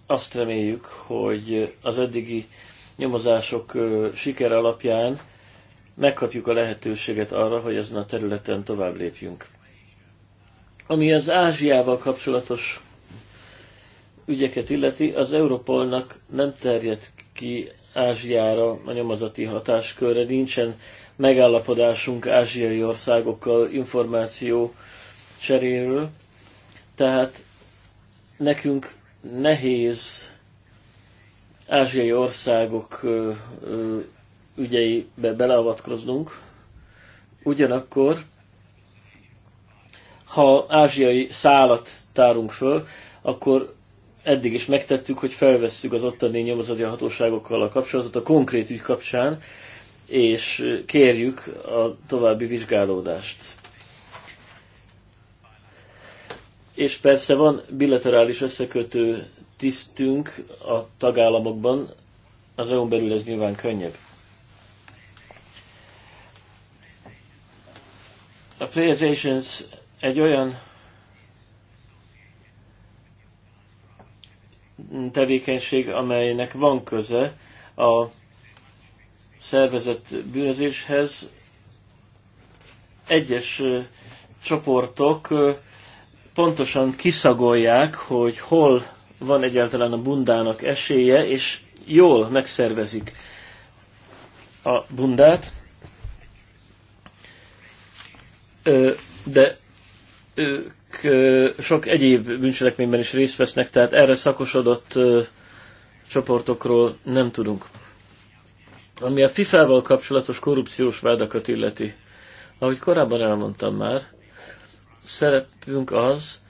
azt reméljük, hogy az eddigi nyomozások siker alapján megkapjuk a lehetőséget arra, hogy ezen a területen tovább lépjünk. Ami az Ázsiával kapcsolatos ügyeket illeti, az Europolnak nem terjed ki Ázsiára a nyomozati hatáskörre, nincsen megállapodásunk ázsiai országokkal információ cseréről, tehát nekünk nehéz ázsiai országok ügyeibe beleavatkoznunk, ugyanakkor, ha ázsiai szálat tárunk föl, akkor eddig is megtettük, hogy felvesszük az ottani nyomozati hatóságokkal a kapcsolatot a konkrét ügy kapcsán, és kérjük a további vizsgálódást. és persze van bilaterális összekötő tisztünk a tagállamokban, az EU-n belül ez nyilván könnyebb. A PlayStations egy olyan tevékenység, amelynek van köze a szervezett bűnözéshez. Egyes csoportok pontosan kiszagolják, hogy hol van egyáltalán a bundának esélye, és jól megszervezik a bundát, de ők sok egyéb bűncselekményben is részt vesznek, tehát erre szakosodott csoportokról nem tudunk. Ami a FIFA-val kapcsolatos korrupciós vádakat illeti, ahogy korábban elmondtam már, szerepünk az,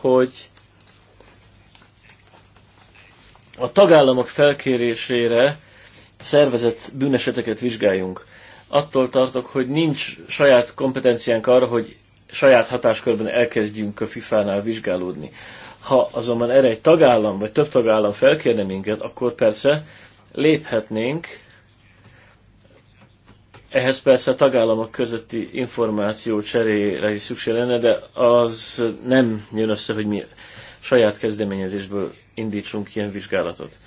hogy a tagállamok felkérésére szervezett bűneseteket vizsgáljunk. Attól tartok, hogy nincs saját kompetenciánk arra, hogy saját hatáskörben elkezdjünk a FIFA-nál vizsgálódni. Ha azonban erre egy tagállam, vagy több tagállam felkérne minket, akkor persze léphetnénk, ehhez persze a tagállamok közötti információ cserére is szükség lenne, de az nem jön össze, hogy mi saját kezdeményezésből indítsunk ilyen vizsgálatot.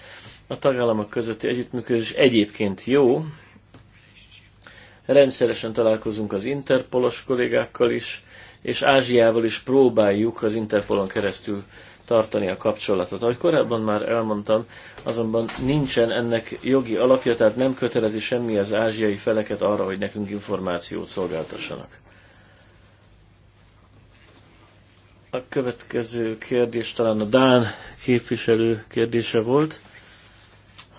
A tagállamok közötti együttműködés egyébként jó, rendszeresen találkozunk az Interpolos kollégákkal is, és Ázsiával is próbáljuk az Interpolon keresztül tartani a kapcsolatot. Ahogy korábban már elmondtam, azonban nincsen ennek jogi alapja, tehát nem kötelezi semmi az ázsiai feleket arra, hogy nekünk információt szolgáltassanak. A következő kérdés talán a Dán képviselő kérdése volt,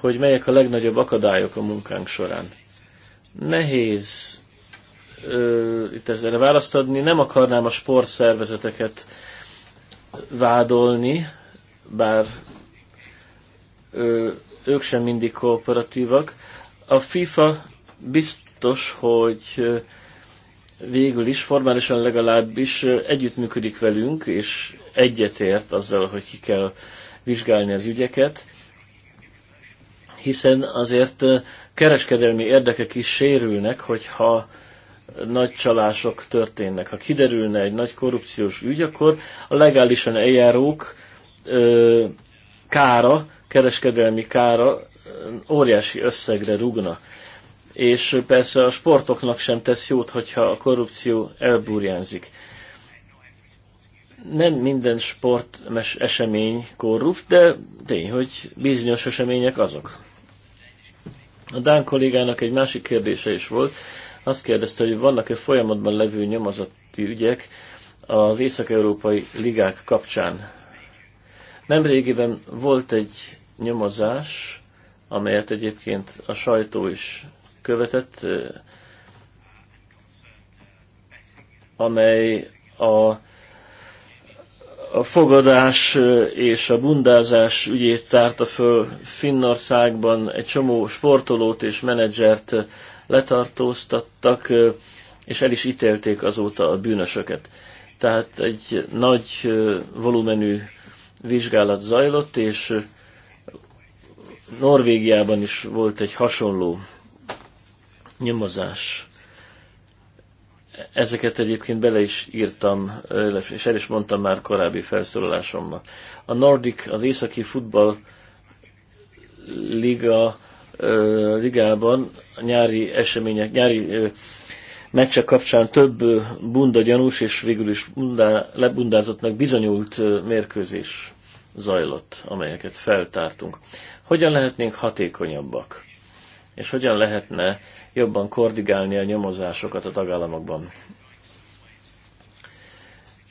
hogy melyek a legnagyobb akadályok a munkánk során. Nehéz ö, itt ezzel választ adni, nem akarnám a sportszervezeteket vádolni, bár ö, ők sem mindig kooperatívak. A FIFA biztos, hogy végül is, formálisan legalábbis együttműködik velünk, és egyetért azzal, hogy ki kell vizsgálni az ügyeket, hiszen azért kereskedelmi érdekek is sérülnek, hogyha nagy csalások történnek, ha kiderülne egy nagy korrupciós ügy, akkor a legálisan eljárók ö, kára, kereskedelmi kára óriási összegre rugna. És persze a sportoknak sem tesz jót, hogyha a korrupció elburjánzik. Nem minden sport esemény korrupt, de tény, hogy bizonyos események azok. A Dán kollégának egy másik kérdése is volt, azt kérdezte, hogy vannak-e folyamatban levő nyomozati ügyek az észak-európai ligák kapcsán. Nemrégiben volt egy nyomozás, amelyet egyébként a sajtó is követett, amely a, a fogadás és a bundázás ügyét tárta föl Finnországban, egy csomó sportolót és menedzsert letartóztattak, és el is ítélték azóta a bűnösöket. Tehát egy nagy volumenű vizsgálat zajlott, és Norvégiában is volt egy hasonló nyomozás. Ezeket egyébként bele is írtam, és el is mondtam már korábbi felszólalásommal. A Nordic, az északi futball liga ligában a nyári események, nyári meccsek kapcsán több bunda gyanús és végül is bundá, lebundázottnak bizonyult mérkőzés zajlott, amelyeket feltártunk. Hogyan lehetnénk hatékonyabbak? És hogyan lehetne jobban kordigálni a nyomozásokat a tagállamokban?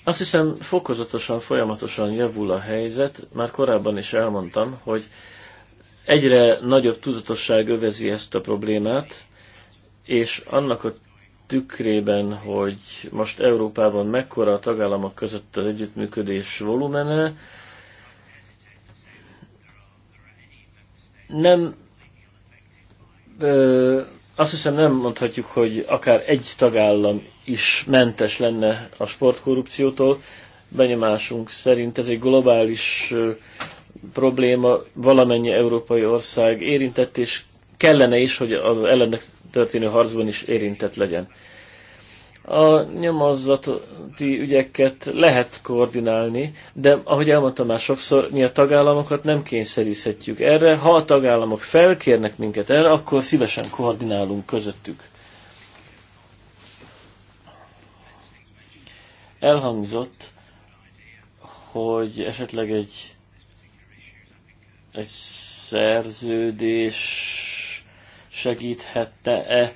Azt hiszem, fokozatosan, folyamatosan javul a helyzet. Már korábban is elmondtam, hogy Egyre nagyobb tudatosság övezi ezt a problémát, és annak a tükrében, hogy most Európában mekkora a tagállamok között az együttműködés volumene, nem ö, azt hiszem nem mondhatjuk, hogy akár egy tagállam is mentes lenne a sportkorrupciótól. Benyomásunk szerint ez egy globális probléma valamennyi európai ország érintett, és kellene is, hogy az ellenek történő harcban is érintett legyen. A nyomozati ügyeket lehet koordinálni, de ahogy elmondtam már sokszor, mi a tagállamokat nem kényszeríthetjük erre. Ha a tagállamok felkérnek minket erre, akkor szívesen koordinálunk közöttük. Elhangzott, hogy esetleg egy egy szerződés segíthette-e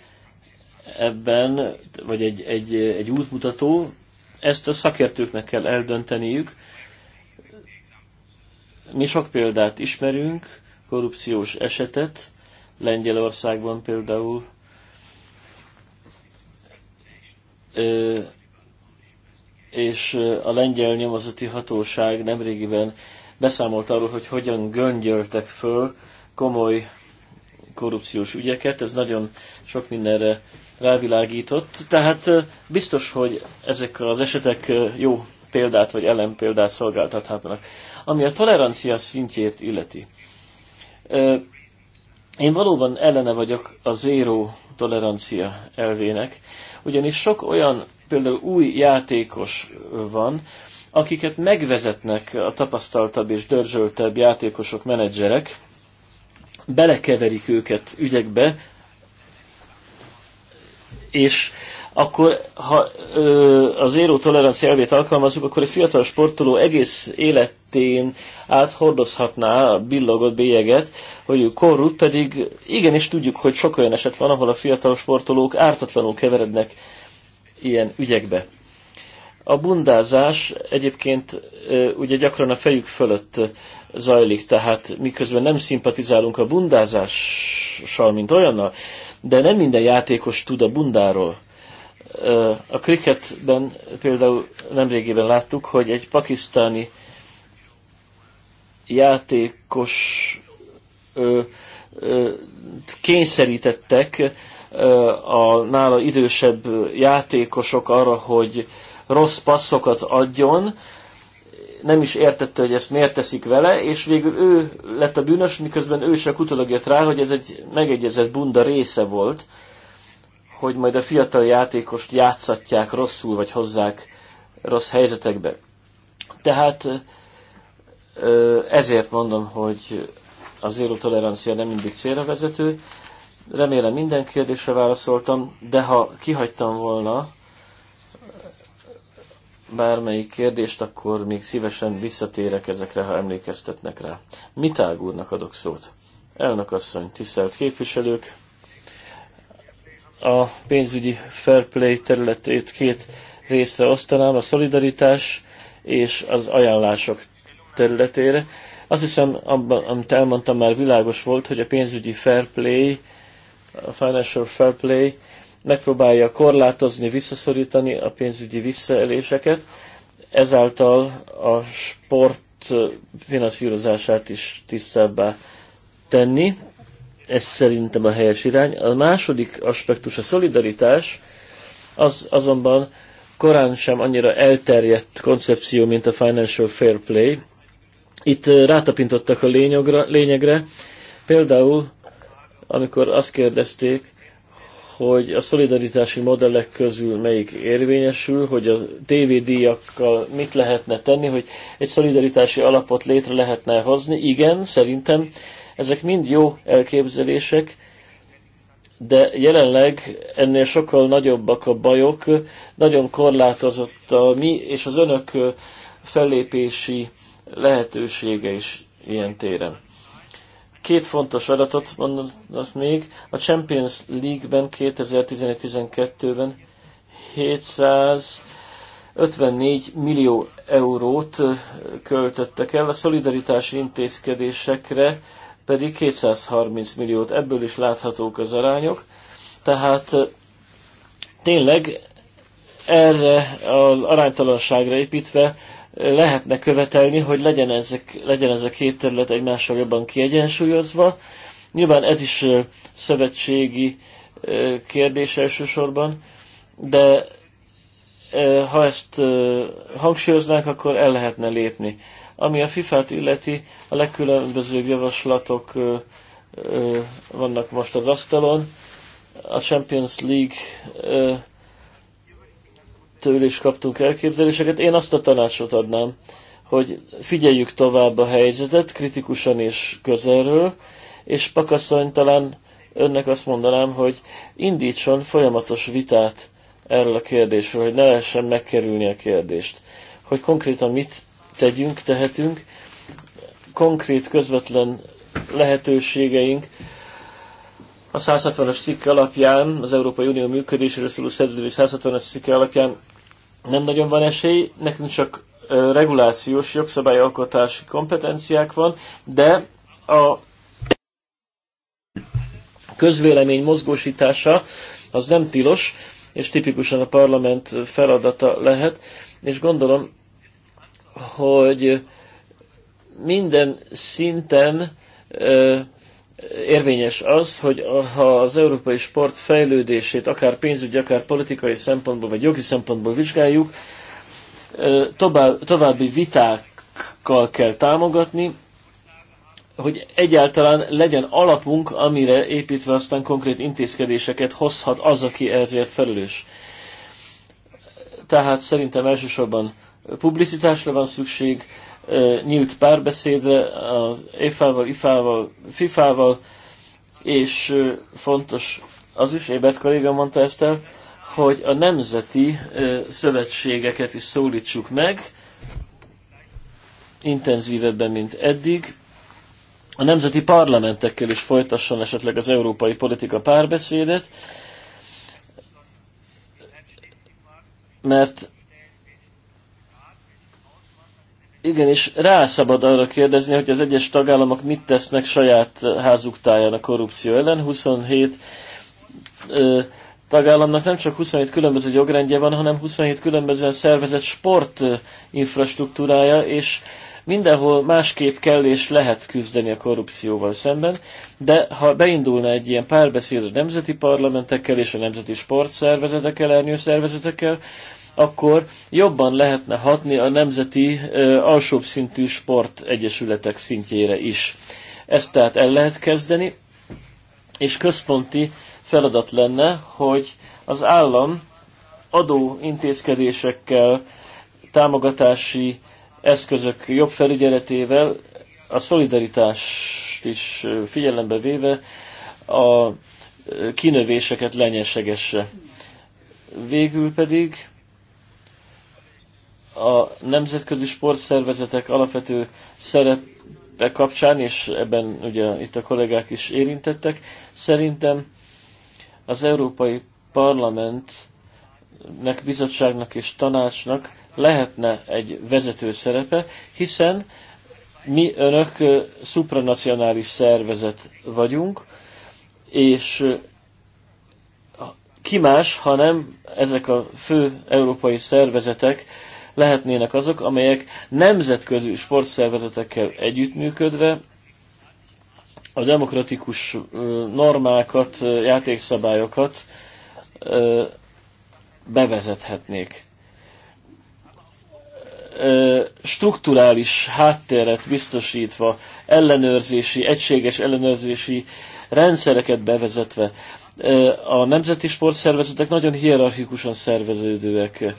ebben, vagy egy, egy, egy útmutató, ezt a szakértőknek kell eldönteniük. Mi sok példát ismerünk, korrupciós esetet, Lengyelországban például és a lengyel nyomozati hatóság nemrégiben beszámolt arról, hogy hogyan göngyöltek föl komoly korrupciós ügyeket, ez nagyon sok mindenre rávilágított. Tehát biztos, hogy ezek az esetek jó példát vagy ellenpéldát szolgáltathatnak. Ami a tolerancia szintjét illeti. Én valóban ellene vagyok a zéró tolerancia elvének, ugyanis sok olyan például új játékos van, akiket megvezetnek a tapasztaltabb és dörzsöltebb játékosok, menedzserek, belekeverik őket ügyekbe, és akkor, ha ö, az éró tolerancia elvét alkalmazzuk, akkor egy fiatal sportoló egész életén át hordozhatná a billogott bélyeget, hogy ő korrupt, pedig igenis tudjuk, hogy sok olyan eset van, ahol a fiatal sportolók ártatlanul keverednek ilyen ügyekbe. A bundázás egyébként ugye gyakran a fejük fölött zajlik, tehát miközben nem szimpatizálunk a bundázással, mint olyannal, de nem minden játékos tud a bundáról. A kriketben például nemrégében láttuk, hogy egy pakisztáni játékos ö, ö, a nála idősebb játékosok arra, hogy rossz passzokat adjon, nem is értette, hogy ezt miért teszik vele, és végül ő lett a bűnös, miközben ő csak utólag jött rá, hogy ez egy megegyezett bunda része volt, hogy majd a fiatal játékost játszatják rosszul, vagy hozzák rossz helyzetekbe. Tehát ezért mondom, hogy a zéró tolerancia nem mindig célra vezető, Remélem minden kérdésre válaszoltam, de ha kihagytam volna bármelyik kérdést, akkor még szívesen visszatérek ezekre, ha emlékeztetnek rá. Mitág úrnak adok szót. Elnök asszony, tisztelt képviselők! A pénzügyi fair play területét két részre osztanám, a szolidaritás és az ajánlások területére. Azt hiszem, abban, amit elmondtam, már világos volt, hogy a pénzügyi fair play a Financial Fair Play megpróbálja korlátozni, visszaszorítani a pénzügyi visszaeléseket, ezáltal a sport finanszírozását is tisztábbá tenni. Ez szerintem a helyes irány. A második aspektus a szolidaritás, az azonban korán sem annyira elterjedt koncepció, mint a Financial Fair Play. Itt rátapintottak a lényogra, lényegre. Például amikor azt kérdezték, hogy a szolidaritási modellek közül melyik érvényesül, hogy a DVD-jakkal mit lehetne tenni, hogy egy szolidaritási alapot létre lehetne hozni. Igen, szerintem ezek mind jó elképzelések, de jelenleg ennél sokkal nagyobbak a bajok, nagyon korlátozott a mi és az önök fellépési lehetősége is ilyen téren. Két fontos adatot mondanak még. A Champions League-ben 2011-12-ben 754 millió eurót költöttek el, a szolidaritási intézkedésekre pedig 230 milliót. Ebből is láthatók az arányok. Tehát tényleg erre az aránytalanságra építve lehetne követelni, hogy legyen, ezek, legyen ez a két terület egymással jobban kiegyensúlyozva. Nyilván ez is szövetségi kérdés elsősorban, de ha ezt hangsúlyoznánk, akkor el lehetne lépni. Ami a FIFA-t illeti, a legkülönbözőbb javaslatok vannak most az asztalon. A Champions League től is kaptunk elképzeléseket. Én azt a tanácsot adnám, hogy figyeljük tovább a helyzetet, kritikusan és közelről, és Pakasszony talán önnek azt mondanám, hogy indítson folyamatos vitát erről a kérdésről, hogy ne lehessen megkerülni a kérdést. Hogy konkrétan mit tegyünk, tehetünk, konkrét, közvetlen lehetőségeink, a 160-as szikke alapján, az Európai Unió működéséről szóló szerződés 160-as szikke alapján nem nagyon van esély, nekünk csak regulációs, jogszabályalkotási kompetenciák van, de a közvélemény mozgósítása az nem tilos, és tipikusan a parlament feladata lehet, és gondolom, hogy minden szinten érvényes az, hogy ha az európai sport fejlődését akár pénzügyi, akár politikai szempontból, vagy jogi szempontból vizsgáljuk, további vitákkal kell támogatni, hogy egyáltalán legyen alapunk, amire építve aztán konkrét intézkedéseket hozhat az, aki ezért felelős. Tehát szerintem elsősorban publicitásra van szükség, nyílt párbeszédre az EFA-val, IFA-val, FIFA-val, és fontos az is, Ébert kolléga mondta ezt el, hogy a nemzeti szövetségeket is szólítsuk meg, intenzívebben, mint eddig. A nemzeti parlamentekkel is folytasson esetleg az európai politika párbeszédet, mert igen, és rá szabad arra kérdezni, hogy az egyes tagállamok mit tesznek saját házuk táján a korrupció ellen. 27 ö, tagállamnak nem csak 27 különböző jogrendje van, hanem 27 különböző szervezett sport infrastruktúrája, és mindenhol másképp kell és lehet küzdeni a korrupcióval szemben, de ha beindulna egy ilyen párbeszéd a nemzeti parlamentekkel és a nemzeti sportszervezetekkel, ernyőszervezetekkel, akkor jobban lehetne hatni a nemzeti alsóbb szintű sportegyesületek szintjére is. Ezt tehát el lehet kezdeni, és központi feladat lenne, hogy az állam adó intézkedésekkel, támogatási eszközök jobb felügyeletével, a szolidaritást is figyelembe véve a kinövéseket lenyesegesse. Végül pedig a nemzetközi sportszervezetek alapvető szerepe kapcsán, és ebben ugye itt a kollégák is érintettek, szerintem az Európai Parlamentnek, bizottságnak és tanácsnak lehetne egy vezető szerepe, hiszen mi önök szupranacionális szervezet vagyunk, és ki más, hanem ezek a fő európai szervezetek lehetnének azok, amelyek nemzetközi sportszervezetekkel együttműködve a demokratikus normákat, játékszabályokat bevezethetnék. Strukturális háttéret biztosítva, ellenőrzési, egységes ellenőrzési rendszereket bevezetve. A nemzeti sportszervezetek nagyon hierarchikusan szerveződőek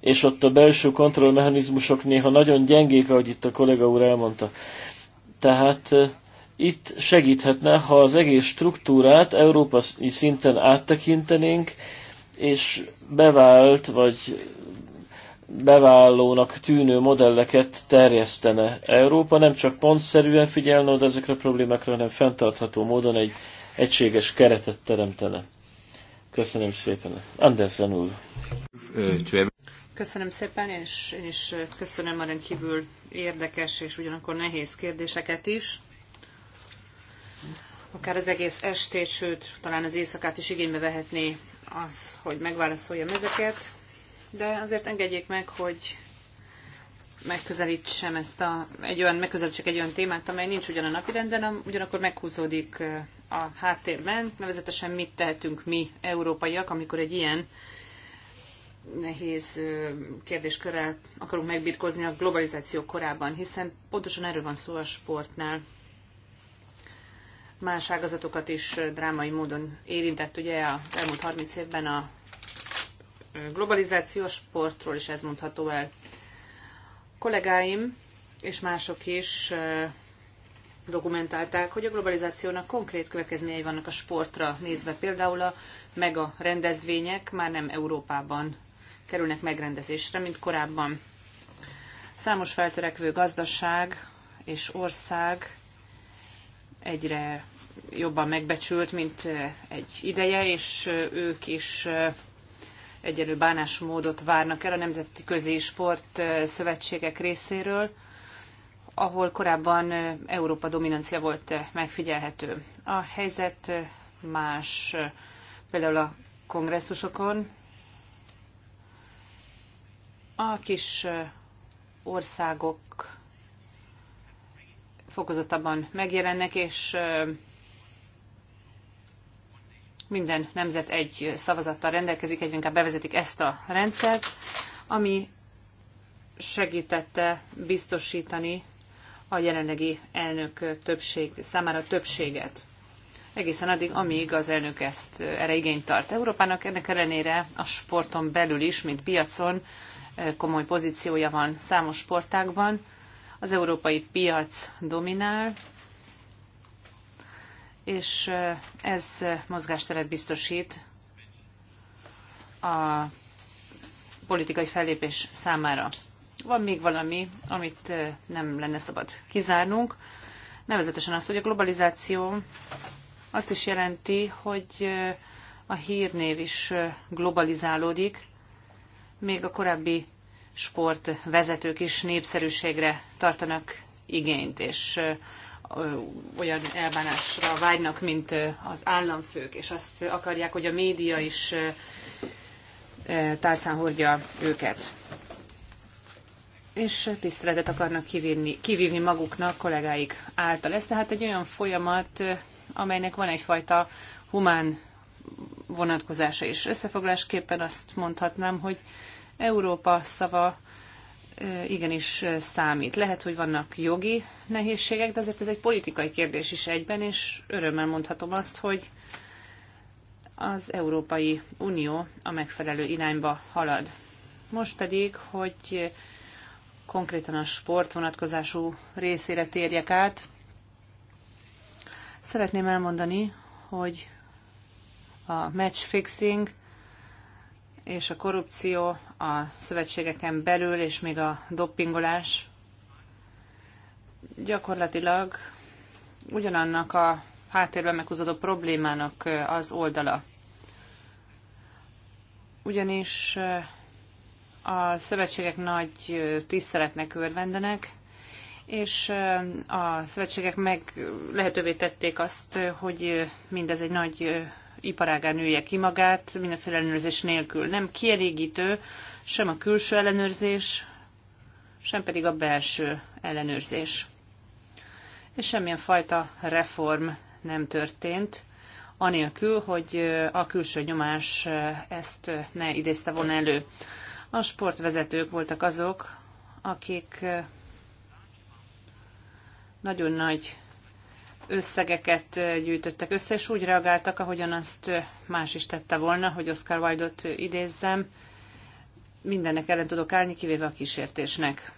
és ott a belső kontrollmechanizmusok néha nagyon gyengék, ahogy itt a kollega úr elmondta. Tehát itt segíthetne, ha az egész struktúrát európai szinten áttekintenénk, és bevált vagy bevállónak tűnő modelleket terjesztene Európa, nem csak pontszerűen figyelne oda ezekre a problémákra, hanem fenntartható módon egy egységes keretet teremtene. Köszönöm szépen. Andersen úr. Köszönöm szépen, és én is köszönöm a rendkívül érdekes és ugyanakkor nehéz kérdéseket is. Akár az egész estét, sőt, talán az éjszakát is igénybe vehetné az, hogy megválaszoljam ezeket, de azért engedjék meg, hogy megközelítsem ezt a, egy olyan, megközelítsek egy olyan témát, amely nincs ugyan a renden, ugyanakkor meghúzódik a háttérben, nevezetesen mit tehetünk mi, európaiak, amikor egy ilyen nehéz kérdéskörrel akarunk megbirkózni a globalizáció korában, hiszen pontosan erről van szó a sportnál. Más ágazatokat is drámai módon érintett ugye a elmúlt 30 évben a globalizáció sportról is ez mondható el. Kollégáim és mások is dokumentálták, hogy a globalizációnak konkrét következményei vannak a sportra nézve. Például a mega rendezvények már nem Európában kerülnek megrendezésre, mint korábban. Számos feltörekvő gazdaság és ország egyre jobban megbecsült, mint egy ideje, és ők is egyenlő bánásmódot várnak el a Nemzeti Közi Sport Szövetségek részéről, ahol korábban Európa dominancia volt megfigyelhető. A helyzet más, például a kongresszusokon, a kis országok fokozottabban megjelennek, és minden nemzet egy szavazattal rendelkezik, egyre inkább bevezetik ezt a rendszert, ami segítette biztosítani a jelenlegi elnök többség, számára többséget. Egészen addig, amíg az elnök ezt erre igényt tart Európának, ennek ellenére a sporton belül is, mint piacon, komoly pozíciója van számos sportágban. Az európai piac dominál, és ez mozgásteret biztosít a politikai fellépés számára. Van még valami, amit nem lenne szabad kizárnunk, nevezetesen azt, hogy a globalizáció azt is jelenti, hogy a hírnév is globalizálódik, még a korábbi sportvezetők is népszerűségre tartanak igényt, és olyan elbánásra vágynak, mint az államfők, és azt akarják, hogy a média is tálcán hordja őket. És tiszteletet akarnak kivívni, kivívni maguknak kollégáik által. Ez tehát egy olyan folyamat, amelynek van egyfajta humán vonatkozása is. Összefoglásképpen azt mondhatnám, hogy Európa szava igenis számít. Lehet, hogy vannak jogi nehézségek, de azért ez egy politikai kérdés is egyben, és örömmel mondhatom azt, hogy az Európai Unió a megfelelő irányba halad. Most pedig, hogy konkrétan a sport vonatkozású részére térjek át, szeretném elmondani, hogy a match fixing és a korrupció a szövetségeken belül, és még a doppingolás gyakorlatilag ugyanannak a háttérben meghúzódó problémának eh, az oldala. Ugyanis eh, a szövetségek nagy eh, tiszteletnek örvendenek, és a szövetségek meg lehetővé tették azt, hogy mindez egy nagy iparágán nője ki magát, mindenféle ellenőrzés nélkül. Nem kielégítő sem a külső ellenőrzés, sem pedig a belső ellenőrzés. És semmilyen fajta reform nem történt, anélkül, hogy a külső nyomás ezt ne idézte volna elő. A sportvezetők voltak azok, akik nagyon nagy összegeket gyűjtöttek össze, és úgy reagáltak, ahogyan azt más is tette volna, hogy Oscar Wilde-ot idézzem, mindennek ellen tudok állni, kivéve a kísértésnek.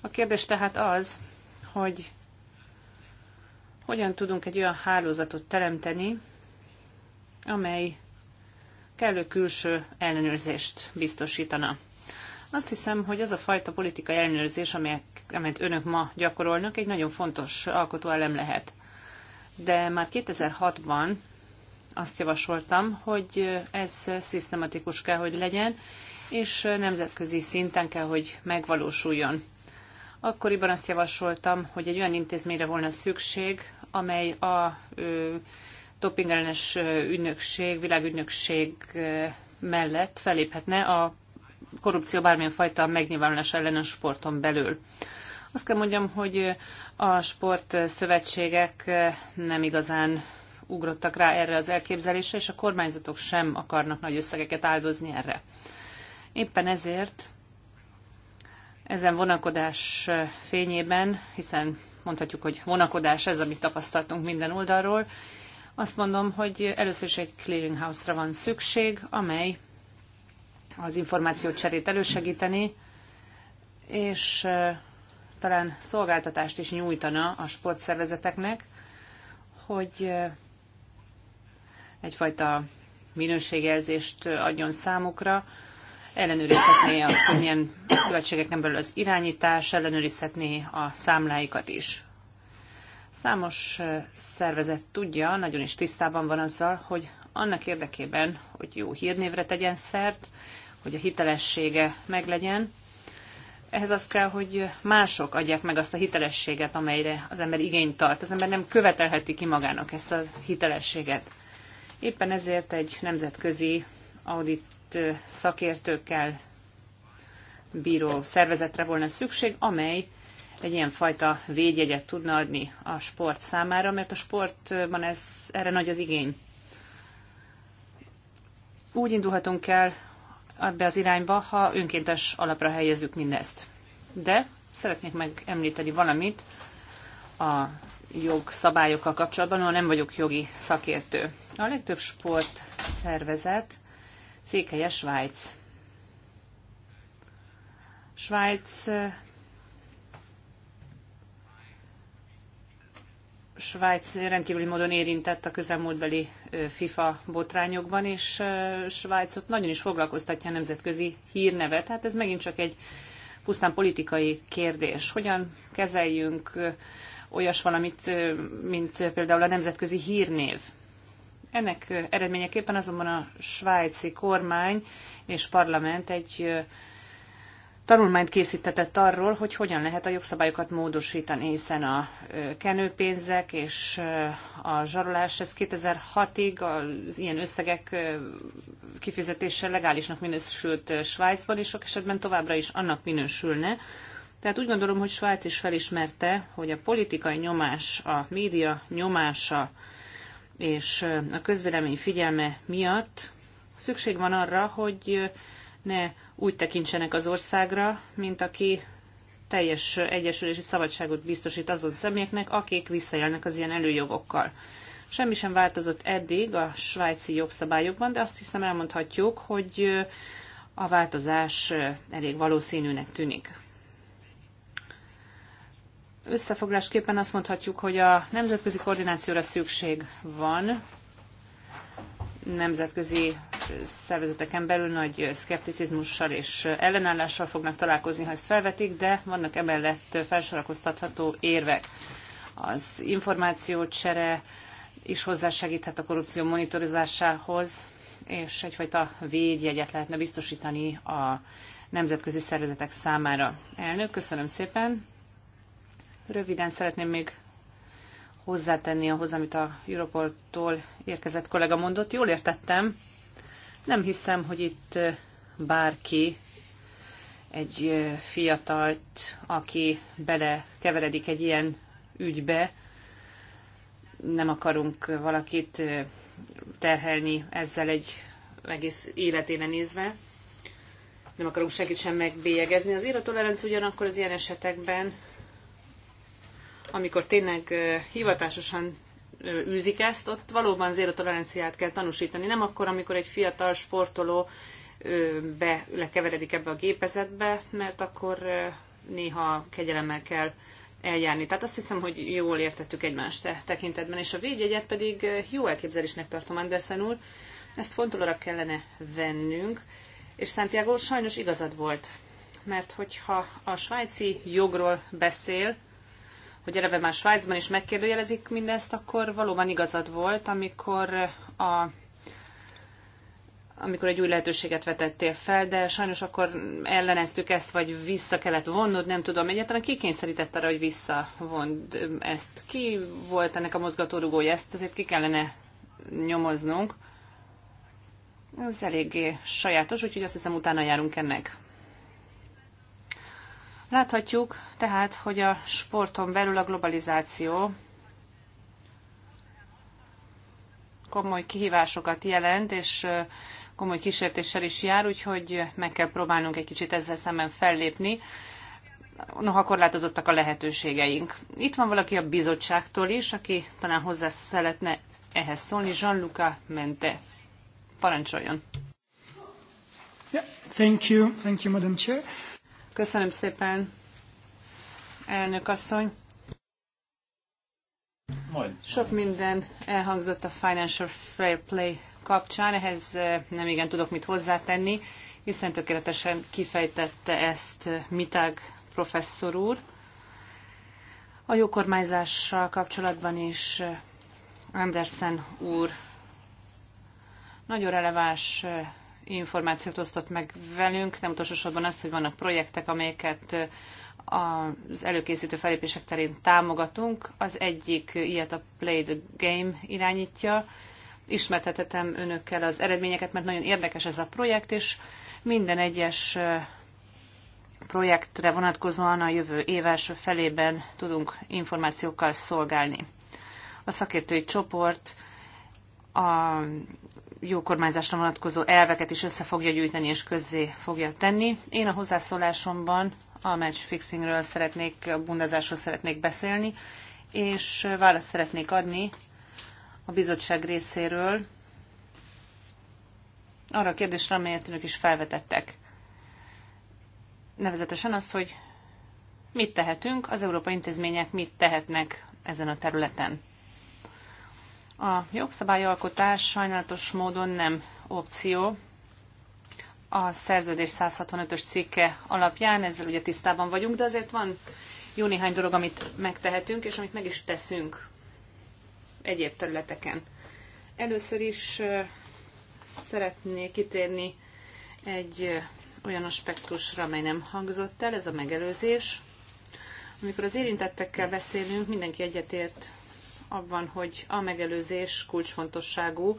A kérdés tehát az, hogy hogyan tudunk egy olyan hálózatot teremteni, amely kellő külső ellenőrzést biztosítana. Azt hiszem, hogy az a fajta politikai ellenőrzés, amelyek, amelyet önök ma gyakorolnak, egy nagyon fontos alkotóelem lehet. De már 2006-ban azt javasoltam, hogy ez szisztematikus kell, hogy legyen, és nemzetközi szinten kell, hogy megvalósuljon. Akkoriban azt javasoltam, hogy egy olyan intézményre volna szükség, amely a ö, dopingellenes ügynökség, világügynökség mellett feléphetne a korrupció bármilyen fajta megnyilvánulás ellen a sporton belül. Azt kell mondjam, hogy a sport szövetségek nem igazán ugrottak rá erre az elképzelésre, és a kormányzatok sem akarnak nagy összegeket áldozni erre. Éppen ezért ezen vonakodás fényében, hiszen mondhatjuk, hogy vonakodás ez, amit tapasztaltunk minden oldalról, azt mondom, hogy először is egy clearinghouse-ra van szükség, amely az információcserét elősegíteni, és talán szolgáltatást is nyújtana a sportszervezeteknek, hogy egyfajta minőségjelzést adjon számukra, ellenőrizhetné a milyen szövetségeken belül az irányítás, ellenőrizhetné a számláikat is. Számos szervezet tudja, nagyon is tisztában van azzal, hogy annak érdekében, hogy jó hírnévre tegyen szert, hogy a hitelessége meglegyen. Ehhez az kell, hogy mások adják meg azt a hitelességet, amelyre az ember igényt tart. Az ember nem követelheti ki magának ezt a hitelességet. Éppen ezért egy nemzetközi audit szakértőkkel bíró szervezetre volna szükség, amely egy ilyen fajta védjegyet tudna adni a sport számára, mert a sportban ez, erre nagy az igény úgy indulhatunk el ebbe az irányba, ha önkéntes alapra helyezzük mindezt. De szeretnék megemlíteni valamit a jogszabályokkal kapcsolatban, ahol nem vagyok jogi szakértő. A legtöbb sport szervezet székelye Svájc. Svájc Svájc rendkívüli módon érintett a közelmúltbeli FIFA botrányokban, és Svájcot nagyon is foglalkoztatja a nemzetközi hírneve. Tehát ez megint csak egy pusztán politikai kérdés. Hogyan kezeljünk olyas valamit, mint például a nemzetközi hírnév? Ennek eredményeképpen azonban a svájci kormány és parlament egy tanulmányt készítetett arról, hogy hogyan lehet a jogszabályokat módosítani, hiszen a kenőpénzek és a zsarolás, ez 2006-ig az ilyen összegek kifizetése legálisnak minősült Svájcban, és sok esetben továbbra is annak minősülne. Tehát úgy gondolom, hogy Svájc is felismerte, hogy a politikai nyomás, a média nyomása és a közvélemény figyelme miatt szükség van arra, hogy ne úgy tekintsenek az országra, mint aki teljes egyesülési szabadságot biztosít azon személyeknek, akik visszajelnek az ilyen előjogokkal. Semmi sem változott eddig a svájci jogszabályokban, de azt hiszem elmondhatjuk, hogy a változás elég valószínűnek tűnik. Összefoglásképpen azt mondhatjuk, hogy a nemzetközi koordinációra szükség van, nemzetközi szervezeteken belül nagy szkepticizmussal és ellenállással fognak találkozni, ha ezt felvetik, de vannak emellett felsorakoztatható érvek. Az információcsere is hozzásegíthet a korrupció monitorozásához, és egyfajta védjegyet lehetne biztosítani a nemzetközi szervezetek számára. Elnök, köszönöm szépen. Röviden szeretném még hozzátenni ahhoz, amit a Europoltól érkezett kollega mondott. Jól értettem. Nem hiszem, hogy itt bárki egy fiatalt, aki belekeveredik egy ilyen ügybe, nem akarunk valakit terhelni ezzel egy egész életére nézve. Nem akarunk senkit sem megbélyegezni. Az írotolerancia ugyanakkor az ilyen esetekben amikor tényleg hivatásosan űzik ezt, ott valóban zéro toleranciát kell tanúsítani. Nem akkor, amikor egy fiatal sportoló be, lekeveredik ebbe a gépezetbe, mert akkor néha kegyelemmel kell eljárni. Tehát azt hiszem, hogy jól értettük egymást te tekintetben, és a védjegyet pedig jó elképzelésnek tartom, Andersen úr. Ezt fontolóra kellene vennünk, és Santiago sajnos igazad volt, mert hogyha a svájci jogról beszél, hogy eleve már Svájcban is megkérdőjelezik mindezt, akkor valóban igazad volt, amikor a amikor egy új lehetőséget vetettél fel, de sajnos akkor elleneztük ezt, vagy vissza kellett vonnod, nem tudom, egyáltalán ki kényszerített arra, hogy visszavond ezt? Ki volt ennek a mozgatórugója? Ezt azért ki kellene nyomoznunk. Ez eléggé sajátos, úgyhogy azt hiszem utána járunk ennek. Láthatjuk tehát, hogy a sporton belül a globalizáció komoly kihívásokat jelent, és komoly kísértéssel is jár, úgyhogy meg kell próbálnunk egy kicsit ezzel szemben fellépni. Noha korlátozottak a lehetőségeink. Itt van valaki a bizottságtól is, aki talán hozzá szeretne ehhez szólni. Jean-Luca Mente. Parancsoljon. Yeah, thank you, thank you, Madam Chair. Köszönöm szépen, elnök asszony. Majd. Sok minden elhangzott a Financial Fair Play kapcsán, ehhez eh, nem igen tudok mit hozzátenni, hiszen tökéletesen kifejtette ezt eh, Mitág professzor úr. A jó kormányzással kapcsolatban is eh, Andersen úr nagyon releváns információt osztott meg velünk, nem utolsó sorban azt, hogy vannak projektek, amelyeket az előkészítő felépések terén támogatunk. Az egyik ilyet a Play the Game irányítja. Ismertetetem önökkel az eredményeket, mert nagyon érdekes ez a projekt, és minden egyes projektre vonatkozóan a jövő év első felében tudunk információkkal szolgálni. A szakértői csoport a jó kormányzásra vonatkozó elveket is össze fogja gyűjteni és közzé fogja tenni. Én a hozzászólásomban a match fixingről szeretnék, a bundázásról szeretnék beszélni, és választ szeretnék adni a bizottság részéről arra a kérdésre, amelyet önök is felvetettek. Nevezetesen azt, hogy mit tehetünk, az európai intézmények mit tehetnek ezen a területen. A jogszabályalkotás sajnálatos módon nem opció. A szerződés 165-ös cikke alapján ezzel ugye tisztában vagyunk, de azért van jó néhány dolog, amit megtehetünk, és amit meg is teszünk egyéb területeken. Először is szeretnék kitérni egy olyan aspektusra, amely nem hangzott el, ez a megelőzés. Amikor az érintettekkel beszélünk, mindenki egyetért abban, hogy a megelőzés kulcsfontosságú,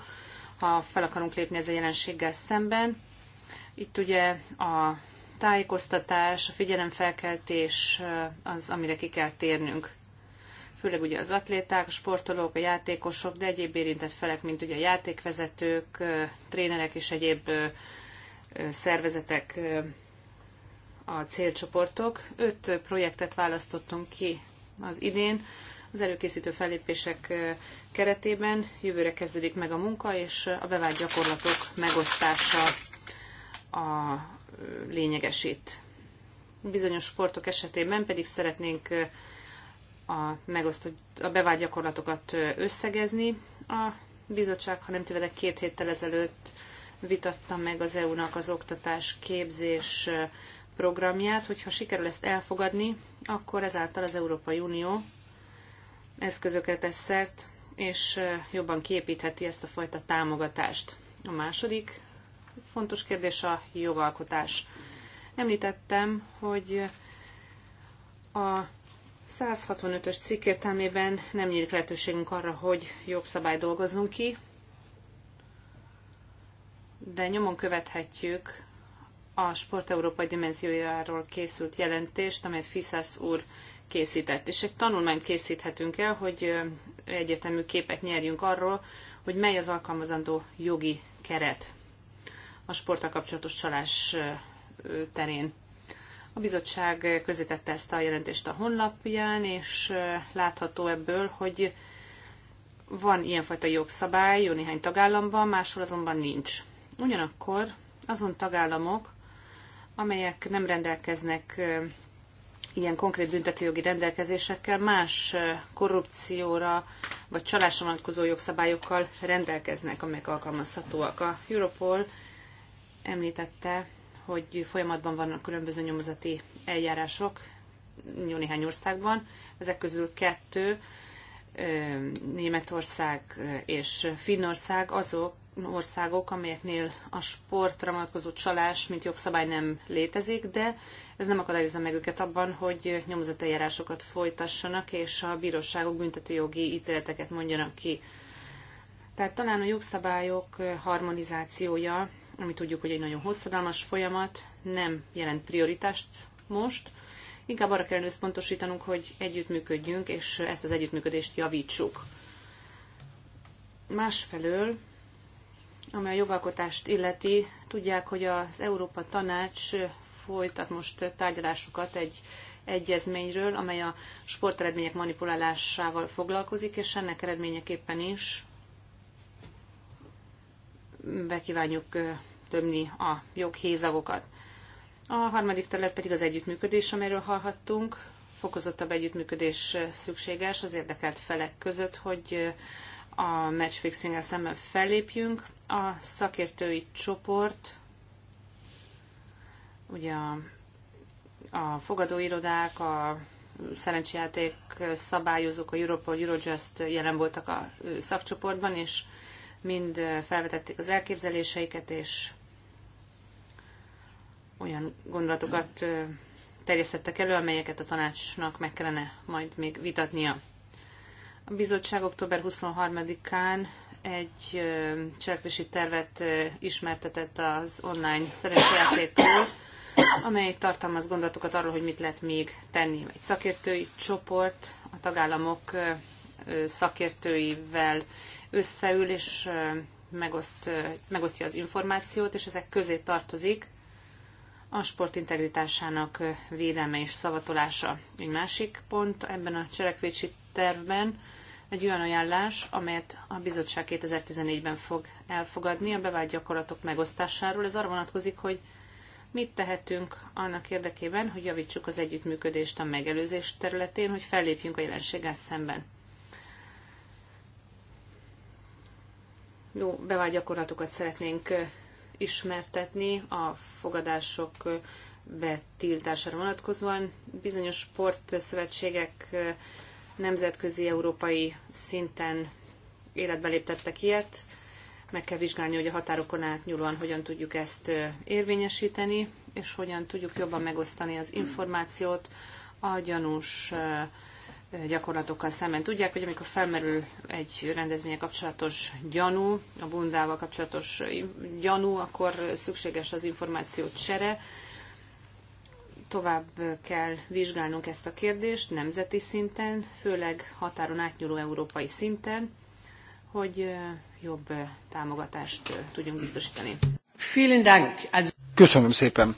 ha fel akarunk lépni ezzel a jelenséggel szemben. Itt ugye a tájékoztatás, a figyelemfelkeltés az, amire ki kell térnünk. Főleg ugye az atléták, a sportolók, a játékosok, de egyéb érintett felek, mint ugye a játékvezetők, trénerek és egyéb szervezetek, a célcsoportok. Öt projektet választottunk ki az idén, az előkészítő fellépések keretében jövőre kezdődik meg a munka, és a bevált gyakorlatok megosztása a lényegesít. Bizonyos sportok esetében pedig szeretnénk a, a bevált gyakorlatokat összegezni. A bizottság, ha nem tévedek, két héttel ezelőtt vitatta meg az EU-nak az oktatás képzés programját, hogyha sikerül ezt elfogadni, akkor ezáltal az Európai Unió eszközökre tesz szert, és jobban kiépítheti ezt a fajta támogatást. A második fontos kérdés a jogalkotás. Említettem, hogy a 165-ös cikk értelmében nem nyílik lehetőségünk arra, hogy jogszabály dolgozzunk ki, de nyomon követhetjük a Sport Európai Dimenziójáról készült jelentést, amelyet Fiszász úr készített. És egy tanulmányt készíthetünk el, hogy egyértelmű képet nyerjünk arról, hogy mely az alkalmazandó jogi keret a sporttal kapcsolatos csalás terén. A bizottság közítette ezt a jelentést a honlapján, és látható ebből, hogy van ilyenfajta jogszabály jó néhány tagállamban, máshol azonban nincs. Ugyanakkor azon tagállamok, amelyek nem rendelkeznek ilyen konkrét büntetőjogi rendelkezésekkel más korrupcióra vagy csalásra vonatkozó jogszabályokkal rendelkeznek, amelyek alkalmazhatóak. A Europol említette, hogy folyamatban vannak különböző nyomozati eljárások jó néhány országban. Ezek közül kettő, Németország és Finnország azok, országok, amelyeknél a sportra vonatkozó csalás, mint jogszabály nem létezik, de ez nem akadályozza meg őket abban, hogy nyomozateljárásokat folytassanak, és a bíróságok büntetőjogi ítéleteket mondjanak ki. Tehát talán a jogszabályok harmonizációja, ami tudjuk, hogy egy nagyon hosszadalmas folyamat, nem jelent prioritást most. Inkább arra kellene összpontosítanunk, hogy együttműködjünk, és ezt az együttműködést javítsuk. Másfelől amely a jogalkotást illeti, tudják, hogy az Európa Tanács folytat most tárgyalásokat egy egyezményről, amely a sporteredmények manipulálásával foglalkozik, és ennek eredményeképpen is bekívánjuk tömni a joghézagokat. A harmadik terület pedig az együttműködés, amelyről hallhattunk. Fokozottabb együttműködés szükséges az érdekelt felek között, hogy a matchfixing-el szemben fellépjünk. A szakértői csoport, ugye a, a fogadóirodák, a szerencsejáték szabályozók, a Europol, Eurojust jelen voltak a szakcsoportban, és mind felvetették az elképzeléseiket, és olyan gondolatokat terjesztettek elő, amelyeket a tanácsnak meg kellene majd még vitatnia. A bizottság október 23-án egy cselekvési tervet ismertetett az online szerepjátékról, amely tartalmaz gondolatokat arról, hogy mit lehet még tenni. Egy szakértői csoport a tagállamok szakértőivel összeül, és megoszt, megosztja az információt, és ezek közé tartozik a sport integritásának védelme és szavatolása. Egy másik pont ebben a cselekvési tervben egy olyan ajánlás, amelyet a bizottság 2014-ben fog elfogadni a bevált gyakorlatok megosztásáról. Ez arra vonatkozik, hogy mit tehetünk annak érdekében, hogy javítsuk az együttműködést a megelőzés területén, hogy fellépjünk a jelenséggel szemben. Jó, bevált gyakorlatokat szeretnénk ismertetni a fogadások betiltására vonatkozóan. Bizonyos sportszövetségek nemzetközi, európai szinten életbe léptettek ilyet. Meg kell vizsgálni, hogy a határokon átnyúlóan hogyan tudjuk ezt érvényesíteni, és hogyan tudjuk jobban megosztani az információt a gyanús gyakorlatokkal szemben. Tudják, hogy amikor felmerül egy rendezvények kapcsolatos gyanú, a bundával kapcsolatos gyanú, akkor szükséges az információ csere, tovább kell vizsgálnunk ezt a kérdést nemzeti szinten, főleg határon átnyúló európai szinten, hogy jobb támogatást tudjunk biztosítani. Köszönöm szépen!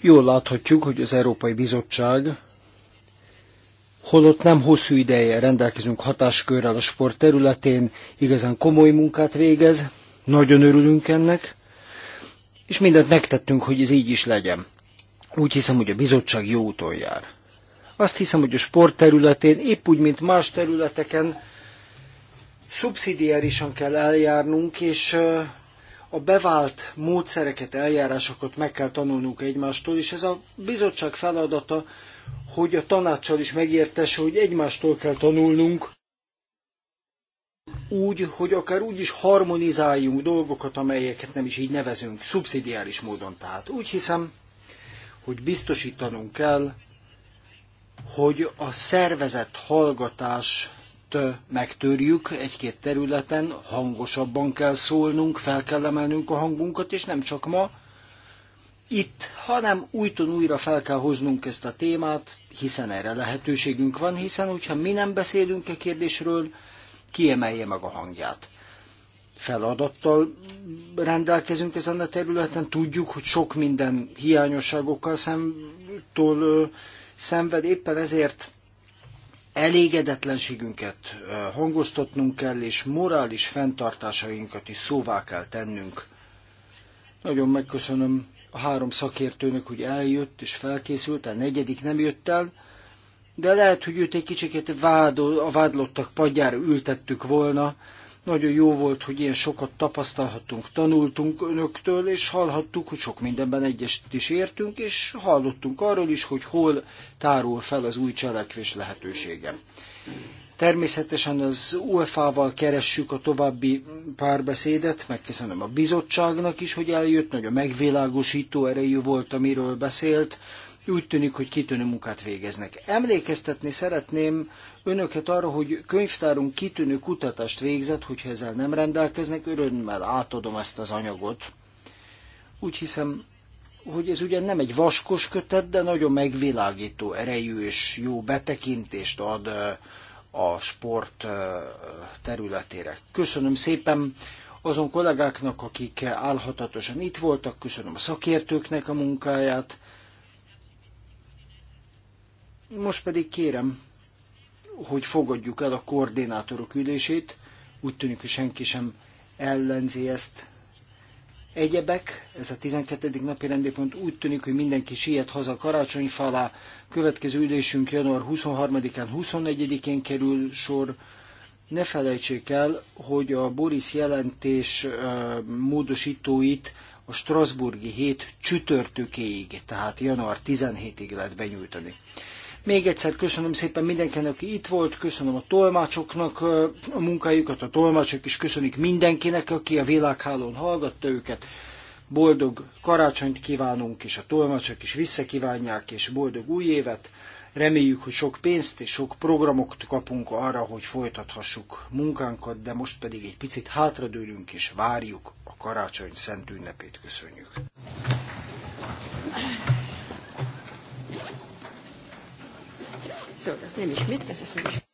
Jól láthatjuk, hogy az Európai Bizottság holott nem hosszú ideje rendelkezünk hatáskörrel a sport területén, igazán komoly munkát végez, nagyon örülünk ennek, és mindent megtettünk, hogy ez így is legyen. Úgy hiszem, hogy a bizottság jó úton jár. Azt hiszem, hogy a sport területén, épp úgy, mint más területeken, szubszidiárisan kell eljárnunk, és a bevált módszereket, eljárásokat meg kell tanulnunk egymástól, és ez a bizottság feladata, hogy a tanácssal is megértesse, hogy egymástól kell tanulnunk, úgy, hogy akár úgy is harmonizáljunk dolgokat, amelyeket nem is így nevezünk, szubszidiális módon. Tehát úgy hiszem, hogy biztosítanunk kell, hogy a szervezett hallgatást megtörjük egy-két területen, hangosabban kell szólnunk, fel kell emelnünk a hangunkat, és nem csak ma, itt, hanem újton újra fel kell hoznunk ezt a témát, hiszen erre lehetőségünk van, hiszen hogyha mi nem beszélünk e kérdésről, kiemelje meg a hangját feladattal rendelkezünk ezen a területen, tudjuk, hogy sok minden hiányosságokkal szemtől szenved, éppen ezért elégedetlenségünket hangoztatnunk kell, és morális fenntartásainkat is szóvá kell tennünk. Nagyon megköszönöm a három szakértőnök, hogy eljött és felkészült, a negyedik nem jött el, de lehet, hogy őt egy kicsiket a vádlottak padjára ültettük volna, nagyon jó volt, hogy ilyen sokat tapasztalhattunk, tanultunk önöktől, és hallhattuk, hogy sok mindenben egyet is értünk, és hallottunk arról is, hogy hol tárul fel az új cselekvés lehetősége. Természetesen az UEFA-val keressük a további párbeszédet, megköszönöm a bizottságnak is, hogy eljött, nagyon megvilágosító erejű volt, amiről beszélt, úgy tűnik, hogy kitűnő munkát végeznek. Emlékeztetni szeretném önöket arra, hogy könyvtárunk kitűnő kutatást végzett, hogyha ezzel nem rendelkeznek, örömmel átadom ezt az anyagot. Úgy hiszem, hogy ez ugye nem egy vaskos kötet, de nagyon megvilágító erejű és jó betekintést ad a sport területére. Köszönöm szépen azon kollégáknak, akik állhatatosan itt voltak, köszönöm a szakértőknek a munkáját. Most pedig kérem, hogy fogadjuk el a koordinátorok ülését. Úgy tűnik, hogy senki sem ellenzi ezt. Egyebek, ez a 12. napi rendépont úgy tűnik, hogy mindenki siet haza karácsonyfa alá. Következő ülésünk január 23-án, 24-én kerül sor. Ne felejtsék el, hogy a Boris jelentés módosítóit a Strasburgi hét csütörtökéig, tehát január 17-ig lehet benyújtani. Még egyszer köszönöm szépen mindenkinek, aki itt volt, köszönöm a tolmácsoknak a munkájukat, a tolmácsok is köszönik mindenkinek, aki a világhálón hallgatta őket. Boldog karácsonyt kívánunk, és a tolmácsok is visszakívánják, és boldog új évet. Reméljük, hogy sok pénzt és sok programokat kapunk arra, hogy folytathassuk munkánkat, de most pedig egy picit hátradőlünk és várjuk a karácsony szent ünnepét. Köszönjük! So, das nehme ich mit, ez ist nämlich.